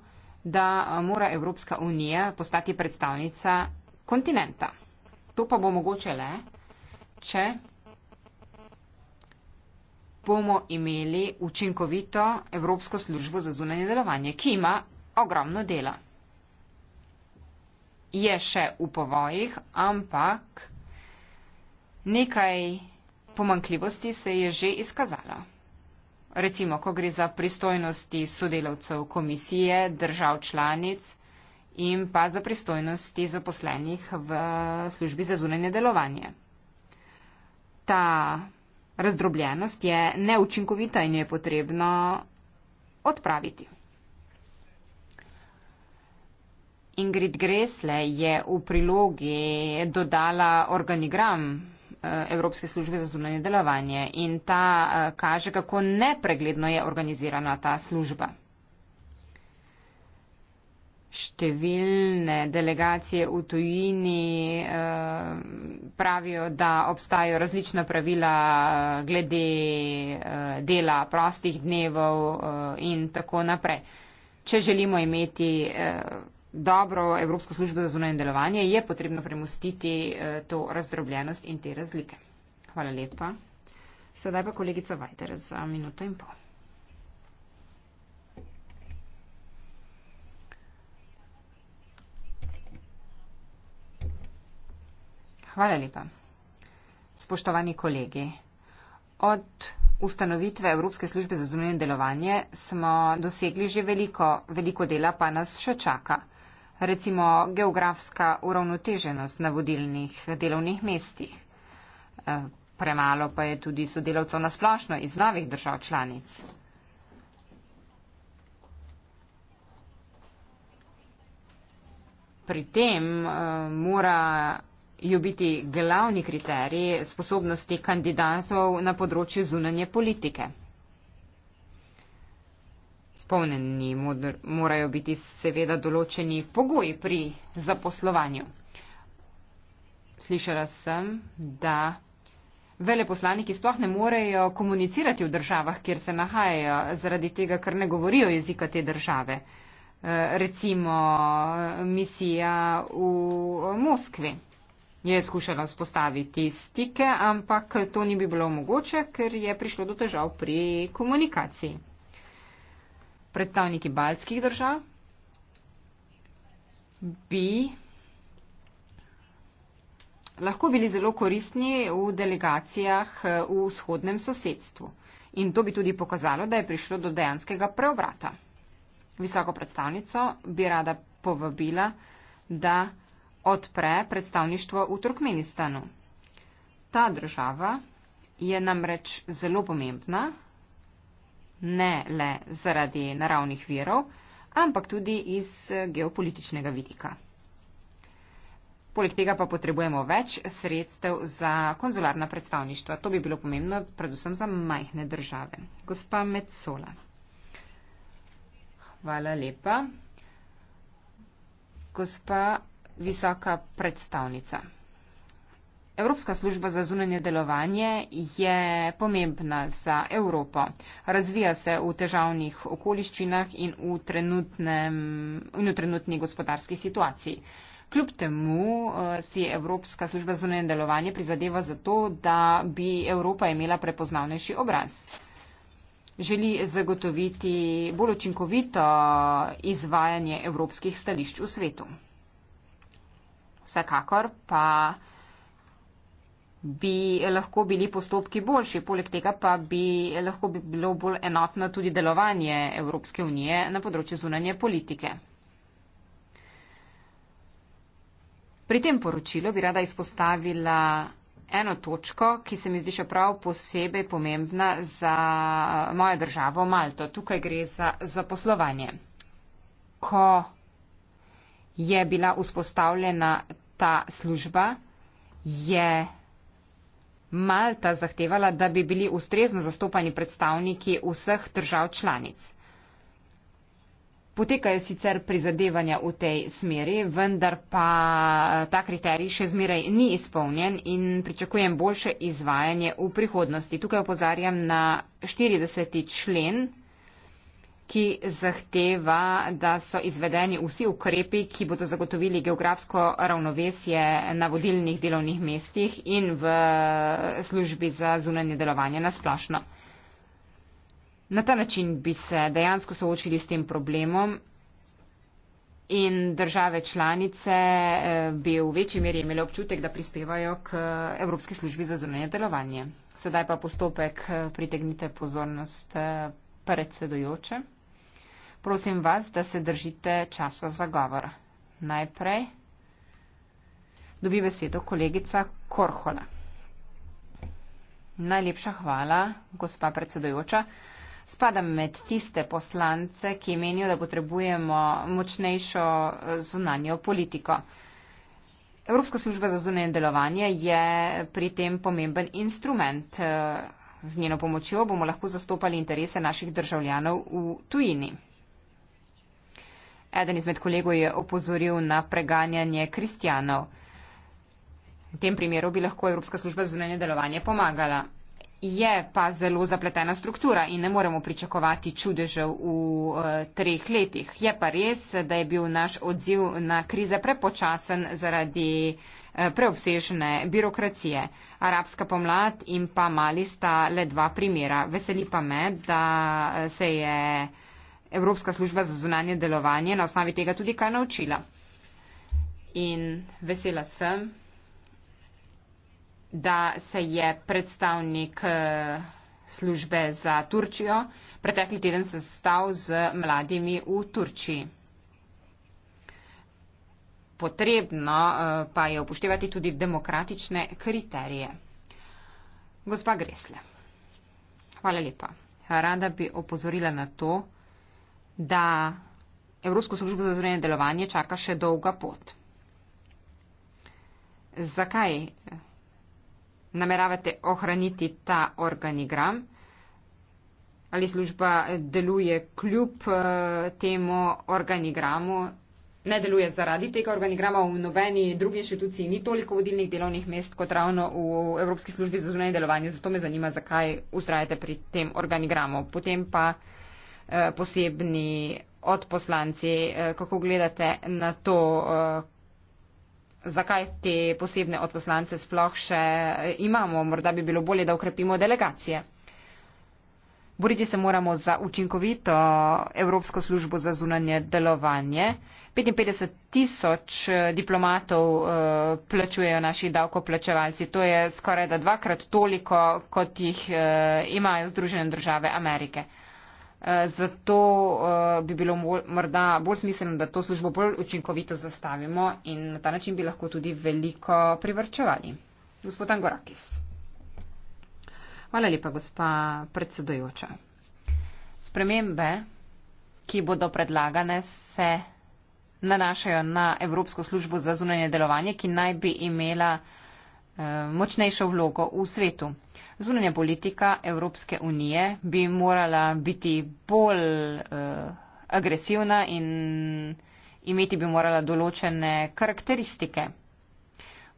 da eh, mora Evropska unija postati predstavnica kontinenta. To pa bo mogoče le, če bomo imeli učinkovito Evropsko službo za zunanje delovanje, ki ima ogromno dela. Je še v povojih, ampak nekaj pomankljivosti se je že izkazalo. Recimo, ko gre za pristojnosti sodelavcev komisije, držav članic in pa za pristojnosti zaposlenih v službi za zunanje delovanje ta razdrobljenost je neučinkovita in jo je potrebno odpraviti. Ingrid Gresle je v prilogi dodala organigram eh, Evropske službe za zunanje delovanje in ta eh, kaže, kako nepregledno je organizirana ta služba številne delegacije v tujini eh, pravijo, da obstajajo različna pravila eh, glede eh, dela prostih dnevov in tako naprej. Če želimo imeti dobro Evropsko službo za zunanje delovanje, je potrebno premustiti to razdrobljenost in te razlike. Hvala lepa. Sedaj pa kolegica Vajter za minuto in pol. Hvala lepa. Spoštovani kolegi, od ustanovitve Evropske službe za zunanje delovanje smo dosegli že veliko, veliko dela pa nas še čaka. Recimo geografska uravnoteženost na vodilnih delovnih mestih. Eh, premalo pa je tudi sodelavcev na splošno iz novih držav članic. Pri tem uh, mora jo biti glavni kriterij sposobnosti kandidatov na področju zunanje politike. Spomneni morajo biti seveda določeni pogoji pri zaposlovanju. Slišala sem, da veleposlaniki sploh ne morejo komunicirati v državah, kjer se nahajajo, zaradi tega, ker ne govorijo jezika te države. Eh, recimo misija v Moskvi je skušala vzpostaviti stike, ampak to ni bi bilo mogoče, ker je prišlo do težav pri komunikaciji. Predstavniki baltskih držav bi lahko bili zelo koristni v delegacijah v vzhodnem sosedstvu. In to bi tudi pokazalo, da je prišlo do dejanskega preobrata. Visoko predstavnico bi rada povabila, da odpre predstavništvo v Turkmenistanu. Ta država je namreč zelo pomembna, ne le zaradi naravnih virov, ampak tudi iz eh, geopolitičnega vidika. Poleg tega pa potrebujemo več sredstev za konzularna predstavništva. To bi bilo pomembno predvsem za majhne države. Gospa Metzola. Hvala lepa. Gospa visoka predstavnica. Evropska služba za zunanje delovanje je pomembna za Evropo. Razvija se v težavnih okoliščinah in v, trenutnem, in v trenutni gospodarski situaciji. Kljub temu eh, si Evropska služba za zunanje delovanje prizadeva za to, da bi Evropa imela prepoznavnejši obraz. Želi zagotoviti bolj učinkovito izvajanje evropskih stališč v svetu vsekakor pa bi lahko bili postopki boljši. Poleg tega pa bi lahko bi bilo bolj enotno tudi delovanje Evropske unije na področju zunanje politike. Pri tem poročilu bi rada izpostavila eno točko, ki se mi zdi še prav posebej pomembna za mojo državo Malto. Tukaj gre za zaposlovanje. Ko je bila vzpostavljena ta služba, je Malta zahtevala, da bi bili ustrezno zastopani predstavniki vseh držav članic. Potekajo sicer prizadevanja v tej smeri, vendar pa eh, ta kriterij še zmeraj ni izpolnjen in pričakujem boljše izvajanje v prihodnosti. Tukaj opozarjam na 40. člen ki zahteva, da so izvedeni vsi ukrepi, ki bodo zagotovili geografsko ravnovesje na vodilnih delovnih mestih in v službi za zunanje delovanje na splošno. Na ta način bi se dejansko soočili s tem problemom in države članice eh, bi v večji meri imele občutek, da prispevajo k Evropski službi za zunanje delovanje. Sedaj pa postopek eh, pritegnite pozornost eh, predsedujoče. Prosim vas, da se držite časa za govor. Najprej dobi besedo kolegica Korhola. Najlepša hvala, gospa predsedojoča. Spadam med tiste poslance, ki menijo, da potrebujemo močnejšo zunanjo politiko. Evropska služba za zunanje delovanje je pri tem pomemben instrument. Z njeno pomočjo bomo lahko zastopali interese naših državljanov v tujini. Eden izmed kolegov je opozoril na preganjanje kristjanov. V tem primeru bi lahko Evropska služba zunanje delovanje pomagala. Je pa zelo zapletena struktura in ne moremo pričakovati čudežev v uh, treh letih. Je pa res, da je bil naš odziv na krize prepočasen zaradi uh, preobsežne birokracije. Arabska pomlad in pa mali sta le dva primera. Veseli pa me, da eh, se je. Uh, Evropska služba za zunanje delovanje na osnovi tega tudi kaj naučila. In vesela sem, da se je predstavnik eh, službe za Turčijo pretekli teden sestal z mladimi v Turčiji. Potrebno eh, pa je upoštevati tudi demokratične kriterije. Gospa Gresle, hvala lepa. Rada bi opozorila na to, da Evropsko službo za zunanje delovanje čaka še dolga pot. Zakaj nameravate ohraniti ta organigram? Ali služba deluje kljub eh, temu organigramu? Ne deluje zaradi tega organigrama, v nobeni drugi inštituciji ni toliko vodilnih delovnih mest kot ravno v Evropski službi za zunanje delovanje. Zato me zanima, zakaj ustrajate pri tem organigramu. Potem pa Eh, posebni odposlanci. Eh, kako gledate na to, eh, zakaj te posebne odposlance sploh še imamo? Morda bi bilo bolje, da ukrepimo delegacije. Boriti se moramo za učinkovito Evropsko službo za zunanje delovanje. 55 tisoč diplomatov plačujejo naši davkoplačevalci. To je skoraj da dvakrat toliko, kot jih imajo Združene države Amerike. Eh, zato eh, bi bilo morda bolj smiselno, da to službo bolj učinkovito zastavimo in na ta način bi lahko tudi veliko privrčevali. Gospod Angorakis. Hvala lepa, gospa predsedojoča. Spremembe, ki bodo predlagane, se nanašajo na Evropsko službo za zunanje delovanje, ki naj bi imela uh, Eh, močnejšo vlogo v svetu. Zunanja politika Evropske unije bi morala biti bolj uh, agresivna in imeti bi morala določene karakteristike.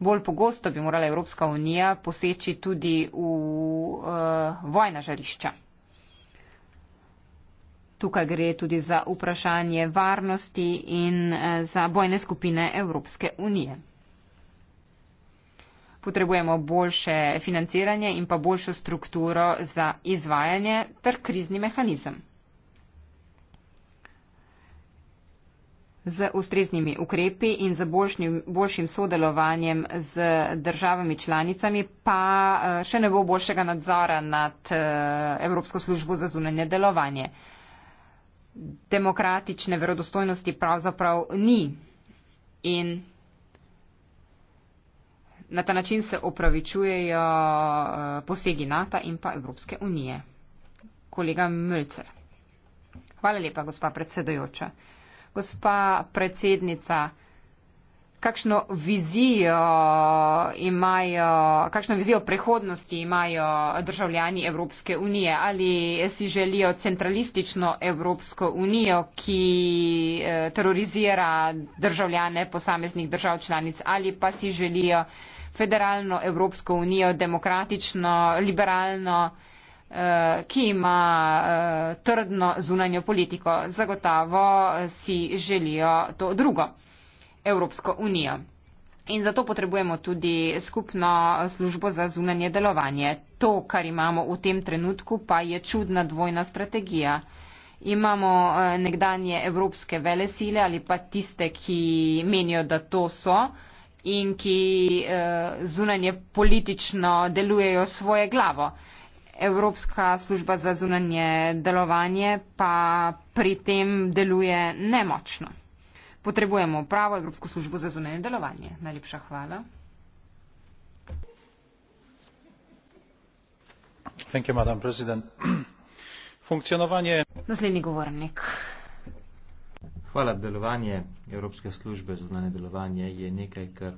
Bolj pogosto bi morala Evropska unija poseči tudi v uh, vojna žarišča. Tukaj gre tudi za vprašanje varnosti in uh, za bojne skupine Evropske unije potrebujemo boljše financiranje in pa boljšo strukturo za izvajanje ter krizni mehanizem. Z ustreznimi ukrepi in z boljšnim, boljšim sodelovanjem z državami članicami pa eh, še ne bo boljšega nadzora nad eh, Evropsko službo za zunanje delovanje. Demokratične verodostojnosti pravzaprav ni in Na ta način se opravičujejo eh, posegi NATO in pa Evropske unije. Kolega Mülcer. Hvala lepa, gospa predsedojoča. Gospa predsednica, kakšno vizijo, imajo, kakšno vizijo prihodnosti imajo državljani Evropske unije? Ali si želijo centralistično Evropsko unijo, ki eh, terorizira državljane posameznih držav članic, ali pa si želijo federalno Evropsko unijo, demokratično, liberalno, eh, ki ima eh, trdno zunanjo politiko. Zagotavo eh, si želijo to drugo Evropsko unijo. In zato potrebujemo tudi skupno službo za zunanje delovanje. To, kar imamo v tem trenutku, pa je čudna dvojna strategija. Imamo nekdanje evropske vele sile ali pa tiste, ki menijo, da to so, in ki uh, zunanje politično delujejo svoje glavo. Evropska služba za zunanje delovanje pa pri tem deluje nemočno. Potrebujemo pravo Evropsko službo za zunanje delovanje. Najlepša hvala. Thank you, Madam President. Funkcionovanje. Naslednji govornik. Hvala. Delovanje Evropske službe za znanje delovanje je nekaj, kar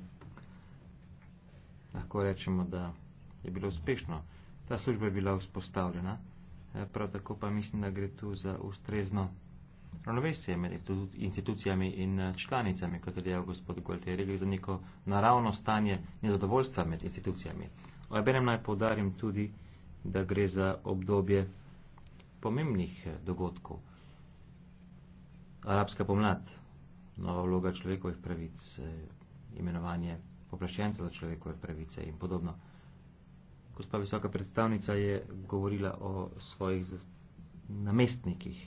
lahko rečemo, da je bilo uspešno. Ta služba je bila vzpostavljena, eh, prav tako pa mislim, da gre tu za ustrezno ravnovesje med institucijami in eh, članicami, kot je dejal gospod Gualtieri, gre za neko naravno stanje nezadovoljstva med institucijami. Obenem naj povdarim tudi, da gre za obdobje pomembnih eh, dogodkov. Arabska pomlad, nova vloga človekovih pravic, eh, imenovanje poplaščenca za človekove pravice in podobno. Gospa visoka predstavnica je govorila o svojih namestnikih.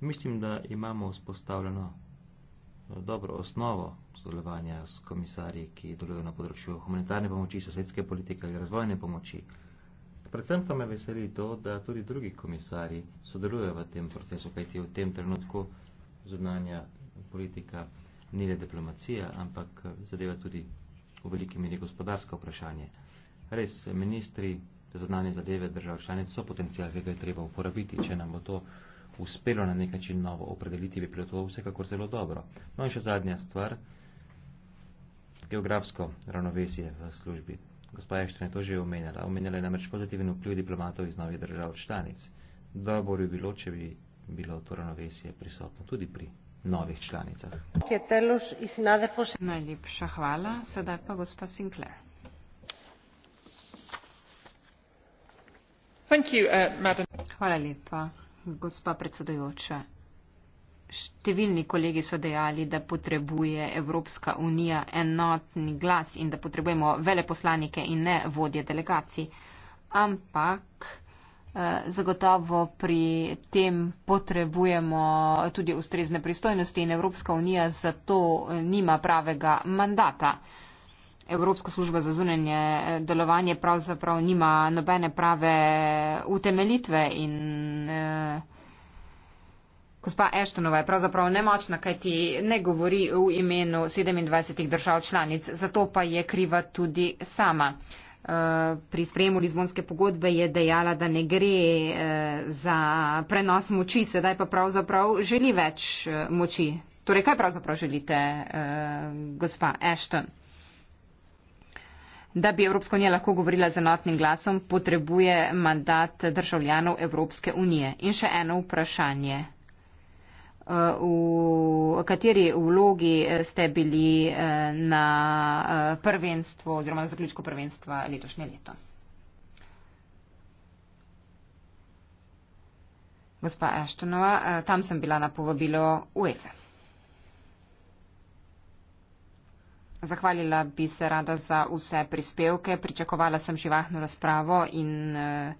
Mislim, da imamo vzpostavljeno eh, dobro osnovo sodelovanja s komisarji, ki delujejo na področju humanitarne pomoči, sosedske politike ali razvojne pomoči. Predvsem pa me veseli to, da tudi drugi komisarji sodelujejo v tem procesu, kajti v tem trenutku zunanja politika ni le diplomacija, ampak eh, zadeva tudi v veliki meri gospodarsko vprašanje. Res, ministri zunanje zadeve držav članic so potencijal, ki ga je treba uporabiti, če nam bo to uspelo na nek način novo opredeliti, bi bilo to vsekakor zelo dobro. No in še zadnja stvar, geografsko ravnovesje v službi. Gospa Ještren je to že omenjala. Omenjala je namreč pozitiven vpliv diplomatov iz novih držav članic. Dobro bi bilo, če bi bilo to ravnovesje prisotno tudi pri novih članicah. Najlepša hvala. Sedaj pa gospa Sinclair. Uh, hvala lepa, gospa predsedujoča. Številni kolegi so dejali, da potrebuje Evropska unija enotni glas in da potrebujemo veleposlanike in ne vodje delegacij. Ampak. Eh, zagotovo pri tem potrebujemo tudi ustrezne pristojnosti in Evropska unija zato eh, nima pravega mandata. Evropska služba za zunanje eh, delovanje pravzaprav nima nobene prave utemelitve in eh, gospa Eštonova je pravzaprav nemočna, kaj ti ne govori v imenu 27 držav članic, zato pa je kriva tudi sama. Eh, Eh, pri sprejemu Lizbonske pogodbe je dejala, da ne gre eh, za prenos moči, sedaj pa pravzaprav želi več eh, moči. Torej, kaj pravzaprav želite, gospa Ashton? Da bi Evropska unija lahko govorila z enotnim glasom, potrebuje mandat državljanov Evropske unije. In še eno vprašanje v kateri vlogi eh, ste bili eh, na eh, prvenstvu oziroma na zaključku prvenstva letošnje leto. Gospa Ashtonova, tam sem bila na povabilo UEFE. Zahvalila bi se rada za vse prispevke, pričakovala sem živahno razpravo in uh,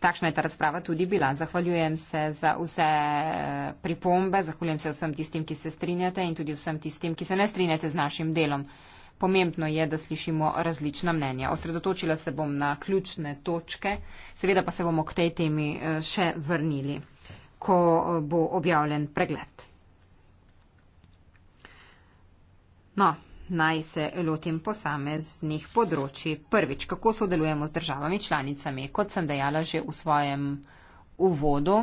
Takšna je ta razprava tudi bila. Zahvaljujem se za vse eh, pripombe, zahvaljujem se vsem tistim, ki se strinjate in tudi vsem tistim, ki se ne strinjate z našim delom. Pomembno je, da slišimo različna mnenja. Osredotočila se bom na ključne točke, seveda pa se bomo k tej temi eh, še vrnili, ko eh, bo objavljen pregled. No, naj se lotim posameznih področji. Prvič, kako sodelujemo z državami članicami. Kot sem dejala že v svojem uvodu,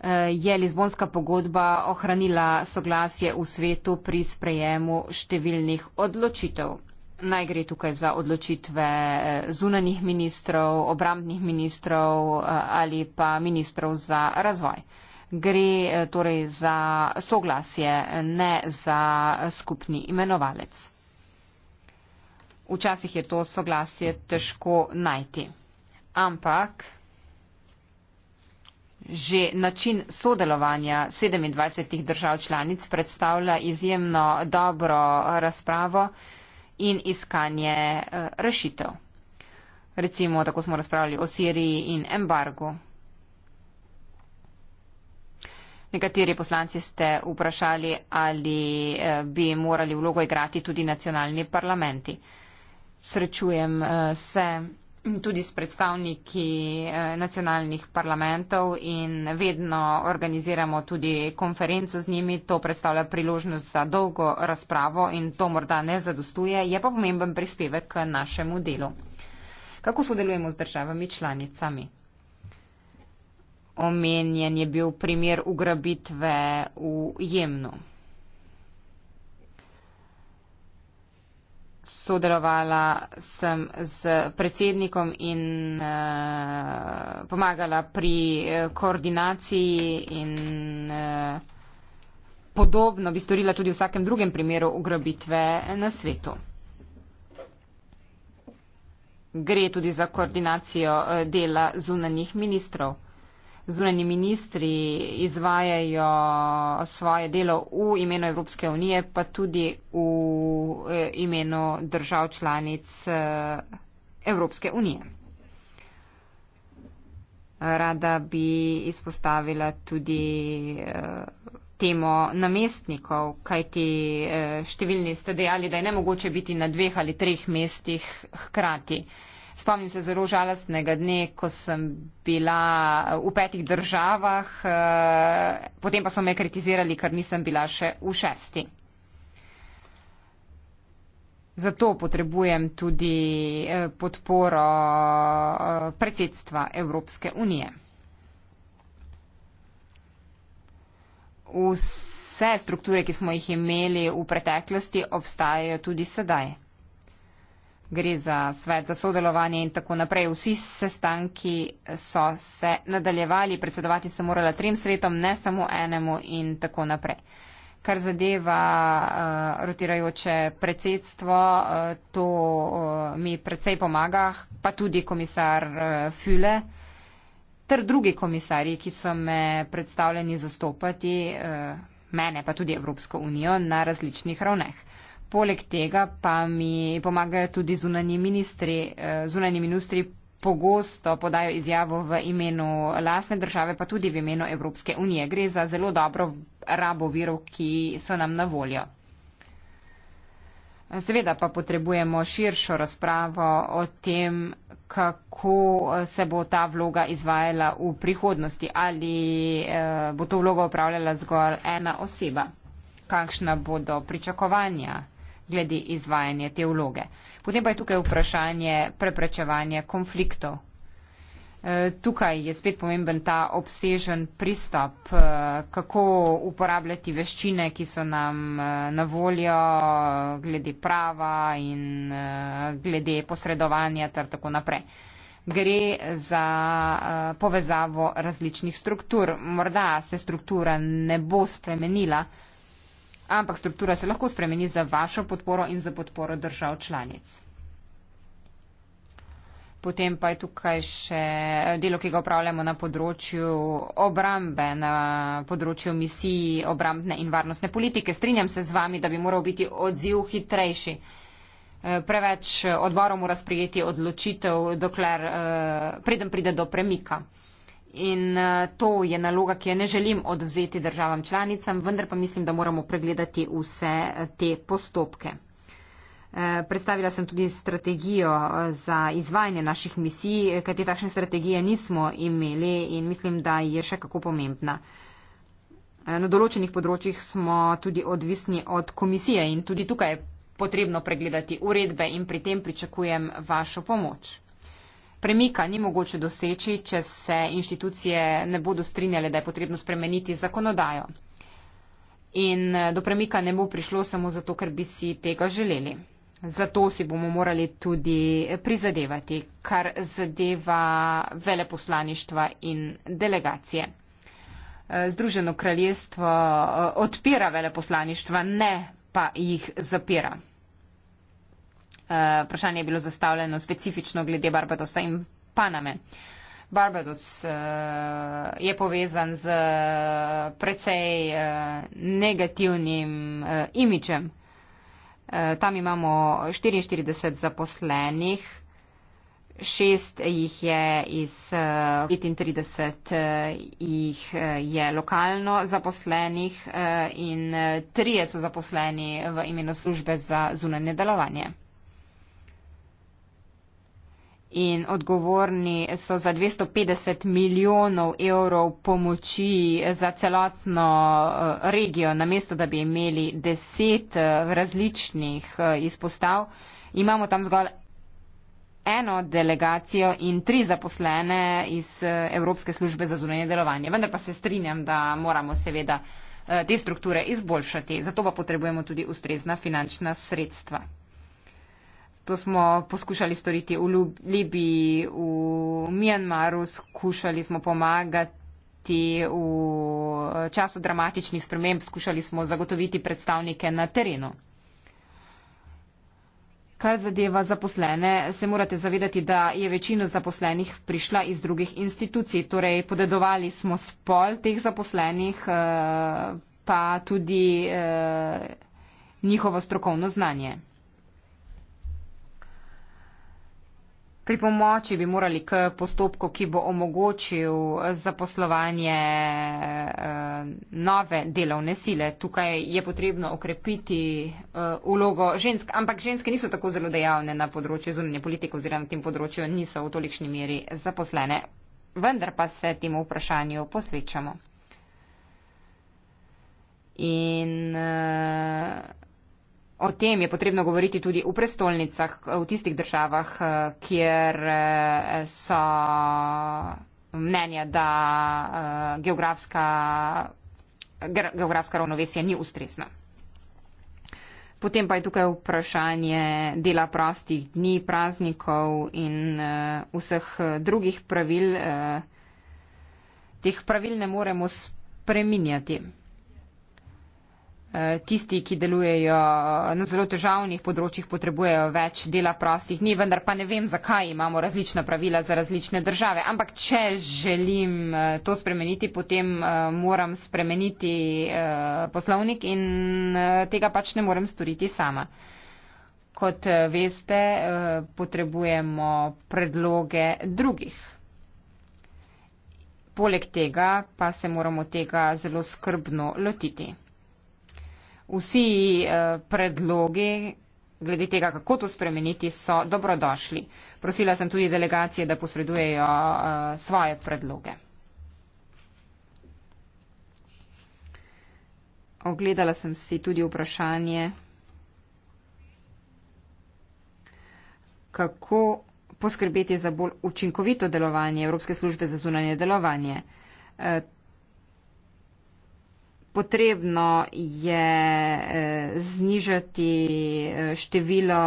eh, je Lizbonska pogodba ohranila soglasje v svetu pri sprejemu številnih odločitev. Naj gre tukaj za odločitve eh, zunanih ministrov, obrambnih ministrov eh, ali pa ministrov za razvoj gre eh, torej za soglasje, ne za skupni imenovalec. Včasih je to soglasje težko najti, ampak že način sodelovanja 27 držav članic predstavlja izjemno dobro razpravo in iskanje eh, rešitev. Recimo, tako smo razpravljali o Siriji in embargu. Nekateri poslanci ste vprašali, ali eh, bi morali vlogo igrati tudi nacionalni parlamenti. Srečujem eh, se tudi s predstavniki eh, nacionalnih parlamentov in vedno organiziramo tudi konferenco z njimi. To predstavlja priložnost za dolgo razpravo in to morda ne zadostuje, je pa pomemben prispevek k našemu delu. Kako sodelujemo z državami članicami? omenjen je bil primer ugrabitve v Jemnu. Sodelovala sem z predsednikom in uh, pomagala pri eh, koordinaciji in uh, podobno bi storila tudi v vsakem drugem primeru ugrabitve na svetu. Gre tudi za koordinacijo dela zunanjih ministrov zunani ministri izvajajo svoje delo v imenu Evropske unije, pa tudi v eh, imenu držav članic eh, Evropske unije. Rada bi izpostavila tudi eh, temo namestnikov, kajti številni ste dejali, da je nemogoče biti na dveh ali treh mestih hkrati. Spomnim se zelo žalostnega dne, ko sem bila eh, v petih državah, eh, potem pa so me kritizirali, ker nisem bila še v šesti. Zato potrebujem tudi eh, podporo predsedstva Evropske unije. Vse strukture, ki smo jih imeli v preteklosti, obstajajo tudi sedaj gre za svet za sodelovanje in tako naprej. Vsi sestanki so se nadaljevali, predsedovati se morala trem svetom, ne samo enemu in tako naprej. Kar zadeva uh, rotirajoče predsedstvo, uh, to uh, mi predvsej pomaga, pa tudi komisar uh, Füle ter drugi komisarji, ki so me predstavljeni zastopati, uh, mene pa tudi Evropsko unijo na različnih ravneh. Poleg tega pa mi pomagajo tudi zunani ministri. Eh, zunani ministri pogosto podajo izjavo v imenu lasne države, pa tudi v imenu Evropske unije. Gre za zelo dobro rabo virov, ki so nam na voljo. Seveda pa potrebujemo širšo razpravo o tem, kako se bo ta vloga izvajala v prihodnosti, ali eh, bo to vlogo upravljala zgolj ena oseba, kakšna bodo pričakovanja glede izvajanja te vloge. Potem pa je tukaj vprašanje preprečevanja konfliktov. E, tukaj je spet pomemben ta obsežen pristop, e, kako uporabljati veščine, ki so nam e, na voljo glede prava in glede posredovanja ter tako naprej. Gre za povezavo različnih struktur. Morda se struktura ne bo spremenila, ampak struktura se lahko spremeni za vašo podporo in za podporo držav članic. Potem pa je tukaj še delo, ki ga upravljamo na področju obrambe, na področju misij obrambne in varnostne politike. Strinjam se z vami, da bi moral biti odziv hitrejši. Eh, preveč odborov mora sprejeti odločitev, dokler, eh, preden pride do premika. In eh, to je naloga, ki jo ne želim odvzeti državam članicam, vendar pa mislim, da moramo pregledati vse eh, te postopke. Eh, predstavila sem tudi strategijo za izvajanje naših misij, kajti takšne strategije nismo imeli in mislim, da je še kako pomembna. Na določenih področjih smo tudi odvisni od komisije in tudi tukaj je potrebno pregledati uredbe in pri tem pričakujem vašo pomoč. Premika ni mogoče doseči, če se inštitucije ne bodo strinjale, da je potrebno spremeniti zakonodajo. In eh, do premika ne bo prišlo samo zato, ker bi si tega želeli. Zato si bomo morali tudi prizadevati, kar zadeva veleposlaništva in delegacije. Eh, Združeno kraljestvo eh, odpira veleposlaništva, ne pa jih zapira. Eh, vprašanje je bilo zastavljeno specifično glede Barbadosa in Paname. Barbados uh, je povezan z eh, precej uh, negativnim uh, imičem. Uh, tam imamo 44 zaposlenih, šest jih je iz uh, 35 uh, jih je lokalno zaposlenih uh, in trije so zaposleni v imenu službe za zunanje delovanje in odgovorni so za 250 milijonov evrov pomoči za celotno eh, regijo, namesto da bi imeli deset eh, različnih eh, izpostav. Imamo tam zgolj eno delegacijo in tri zaposlene iz Evropske službe za zunanje delovanje. Vendar pa se strinjam, da moramo seveda te strukture izboljšati. Zato pa potrebujemo tudi ustrezna finančna sredstva. To smo poskušali storiti v Libiji, v Mjanmaru, skušali smo pomagati v času dramatičnih sprememb, skušali smo zagotoviti predstavnike na terenu. Kar zadeva zaposlene, se morate zavedati, da je večina zaposlenih prišla iz drugih institucij, torej podedovali smo spol teh zaposlenih, eh, pa tudi eh, njihovo strokovno znanje. pri pomoči bi morali k postopku, ki bo omogočil zaposlovanje eh, nove delovne sile. Tukaj je potrebno okrepiti eh, ulogo žensk, ampak ženske niso tako zelo dejavne na področju zunanje politike oziroma na tem področju niso v tolikšni meri zaposlene. Vendar pa se temu vprašanju posvečamo. In uh, O tem je potrebno govoriti tudi v prestolnicah, v tistih državah, eh, kjer eh, so mnenja, da eh, geografska, geografska ravnovesje ni ustrezna. Potem pa je tukaj vprašanje dela prostih dni, praznikov in vseh drugih pravil. Teh pravil ne moremo spremenjati. Eh, tisti, ki delujejo eh, na zelo težavnih področjih, potrebujejo več dela prostih dni, vendar pa ne vem, zakaj imamo različna pravila za različne države. Ampak če želim eh, to spremeniti, potem moram spremeniti poslovnik in tega pač ne morem storiti sama. Kot veste, potrebujemo predloge drugih. Poleg tega pa se moramo tega zelo skrbno lotiti vsi uh, predlogi glede tega, kako to spremeniti, so dobrodošli. Prosila sem tudi delegacije, da posredujejo uh, svoje predloge. Ogledala sem si tudi vprašanje, kako poskrbeti za bolj učinkovito delovanje Evropske službe za zunanje delovanje. Uh, potrebno je eh, znižati eh, število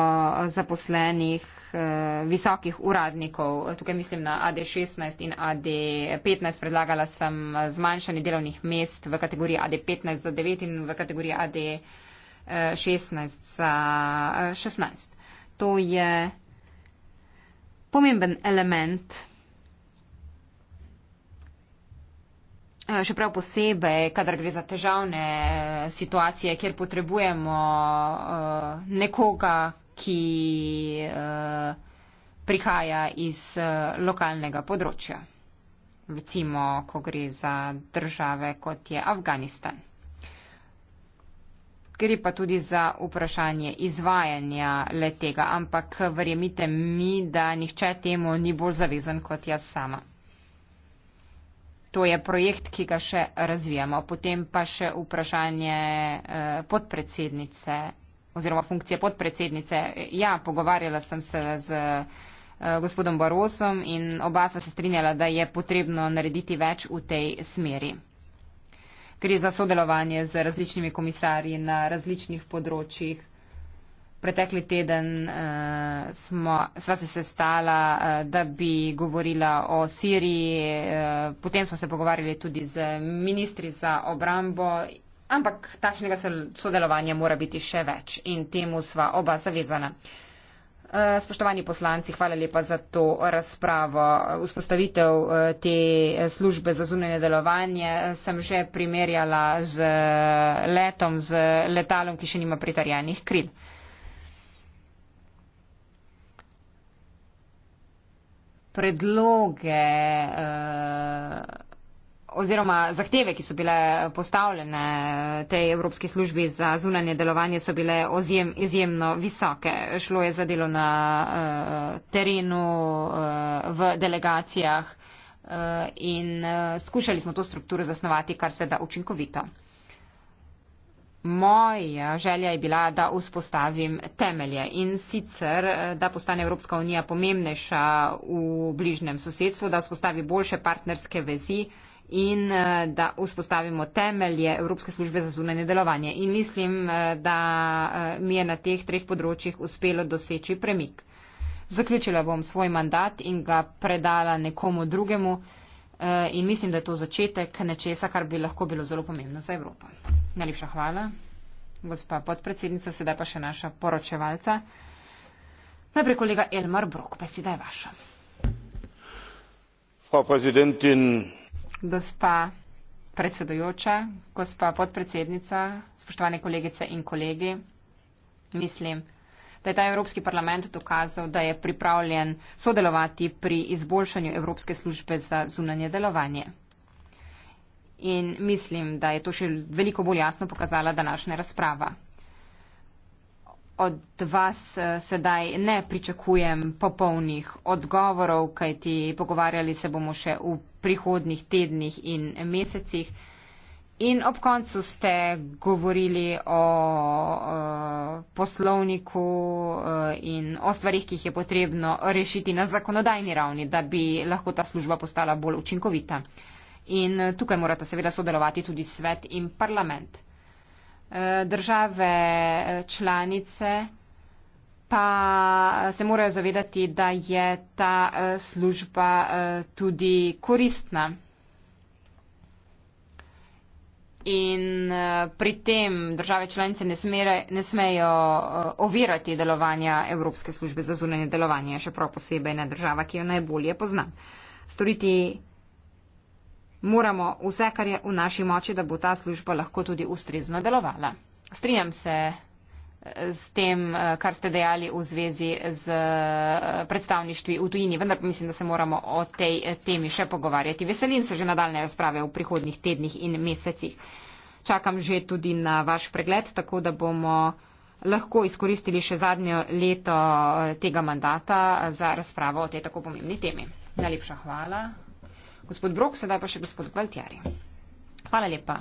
zaposlenih eh, visokih uradnikov. Tukaj mislim na AD16 in AD15. Predlagala sem zmanjšanje delovnih mest v kategoriji AD15 za 9 in v kategoriji AD16 za 16. To je pomemben element Eh, še prav posebej, kadar gre za težavne eh, situacije, kjer potrebujemo eh, nekoga, ki prihaja iz lokalnega področja. Recimo, ko gre za države, kot je Afganistan. Gre pa tudi za vprašanje izvajanja le tega, ampak verjemite mi, da nihče temu ni bolj zavezan kot jaz sama. To je projekt, ki ga še razvijamo. Potem pa še vprašanje eh, podpredsednice oziroma funkcije podpredsednice. Ja, pogovarjala sem se z eh, gospodom Barosom in oba sva se strinjala, da je potrebno narediti več v tej smeri. Gre za sodelovanje z različnimi komisarji na različnih področjih. Pretekli teden uh, smo, sva se sestala, uh, da bi govorila o Siriji, uh, potem smo se pogovarjali tudi z ministri za obrambo, ampak takšnega sodelovanja mora biti še več in temu sva oba zavezana. Spoštovani poslanci, hvala lepa za to razpravo. Vzpostavitev te službe za zunanje delovanje sem že primerjala z letom, z letalom, ki še nima pritarjanih kril. predloge eh, oziroma zahteve, ki so bile postavljene tej Evropski službi za zunanje delovanje, so bile ozjem, izjemno visoke. Šlo je za delo na eh, terenu, eh, v delegacijah in skušali smo to strukturo zasnovati kar se da učinkovito. Moja želja je bila, da vzpostavim temelje in sicer, da postane Evropska unija pomembnejša v bližnjem sosedstvu, da vzpostavi boljše partnerske vezi in da vzpostavimo temelje Evropske službe za zunanje delovanje. In mislim, da mi je na teh treh področjih uspelo doseči premik. Zaključila bom svoj mandat in ga predala nekomu drugemu. Eh, in mislim, da je to začetek nečesa, kar bi lahko bilo zelo pomembno za Evropo. Najlepša hvala, gospa podpredsednica, sedaj pa še naša poročevalca. Najprej kolega Elmar Brok, pa si da je vaša. Hvala, prezidentin. Gospa predsedujoča, gospa podpredsednica, spoštovane kolegice in kolegi, mislim, da je ta Evropski parlament dokazal, da je pripravljen sodelovati pri izboljšanju Evropske službe za zunanje delovanje. In mislim, da je to še veliko bolj jasno pokazala današnja razprava. Od vas eh, sedaj ne pričakujem popolnih odgovorov, kajti pogovarjali se bomo še v prihodnih tednih in mesecih. In ob koncu ste govorili o, o poslovniku eh, in o stvarih, ki jih je potrebno rešiti na zakonodajni ravni, da bi lahko ta služba postala bolj učinkovita. In eh, tukaj morata seveda sodelovati tudi svet in parlament. Eh, države članice pa se morajo zavedati, da je ta služba tudi koristna in eh, pri tem države članice ne, smere, ne smejo eh, ovirati delovanja Evropske službe za zunanje delovanje, še prav posebej na država, ki jo najbolje pozna. Storiti moramo vse, kar je v naši moči, da bo ta služba lahko tudi ustrezno delovala. Strinjam se s tem, eh, kar ste dejali v zvezi z eh, predstavništvi v tujini. Vendar pa mislim, da se moramo o tej eh, temi še pogovarjati. Veselim se že nadaljne razprave v prihodnih tednih in mesecih. Čakam že tudi na vaš pregled, tako da bomo lahko izkoristili še zadnjo leto tega mandata za razpravo o tej tako pomembni temi. Najlepša hvala. Gospod Brok, sedaj pa še gospod Gvaltjari. Hvala lepa.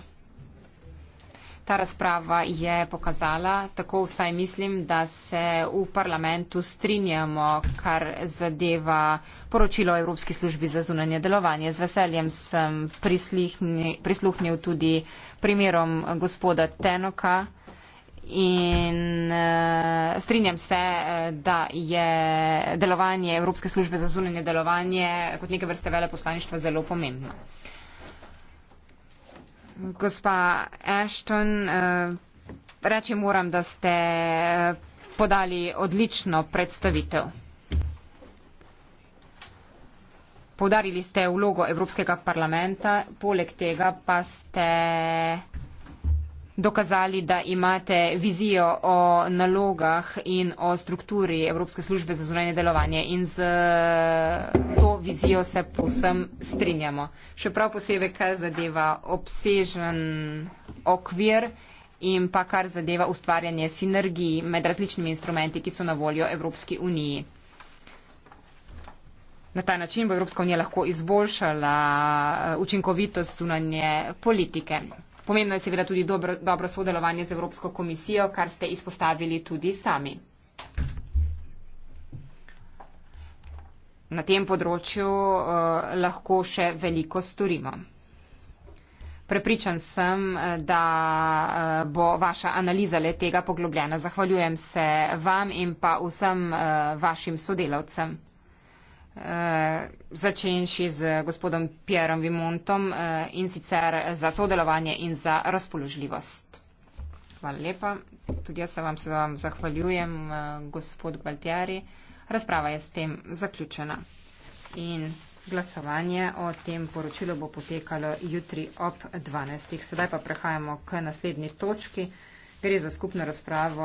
Ta razprava je pokazala, tako vsaj mislim, da se v parlamentu strinjamo, kar zadeva poročilo Evropski službi za zunanje delovanje. Z veseljem sem prisluhnil tudi primerom gospoda Tenoka in eh, strinjam se, eh, da je delovanje Evropske službe za zunanje delovanje kot neke vrste veleposlaništva zelo pomembno gospa Ashton, eh, reči moram, da ste eh, podali odlično predstavitev. Povdarili ste vlogo Evropskega parlamenta, poleg tega pa ste dokazali, da imate vizijo o nalogah in o strukturi Evropske službe za zunanje delovanje. In z to vizijo se povsem strinjamo. Še prav posebej, kar zadeva obsežen okvir in pa kar zadeva ustvarjanje sinergij med različnimi instrumenti, ki so na voljo Evropski uniji. Na ta način bo Evropska unija lahko izboljšala eh, učinkovitost zunanje politike. Pomembno je seveda tudi dobro, dobro sodelovanje z Evropsko komisijo, kar ste izpostavili tudi sami. na tem področju uh, lahko še veliko storimo. Prepričan sem, eh, da eh, bo vaša analiza le tega poglobljena. Zahvaljujem se vam in pa vsem vašim sodelavcem. Začenši z gospodom Pierom Vimontom in sicer za sodelovanje in za razpoložljivost. Hvala lepa. Tudi jaz se vam, se vam zahvaljujem, gospod Gvaltjari. Razprava je s tem zaključena. In glasovanje o tem poročilu bo potekalo jutri ob 12. Sedaj pa prehajamo k naslednji točki. Gre za skupno razpravo.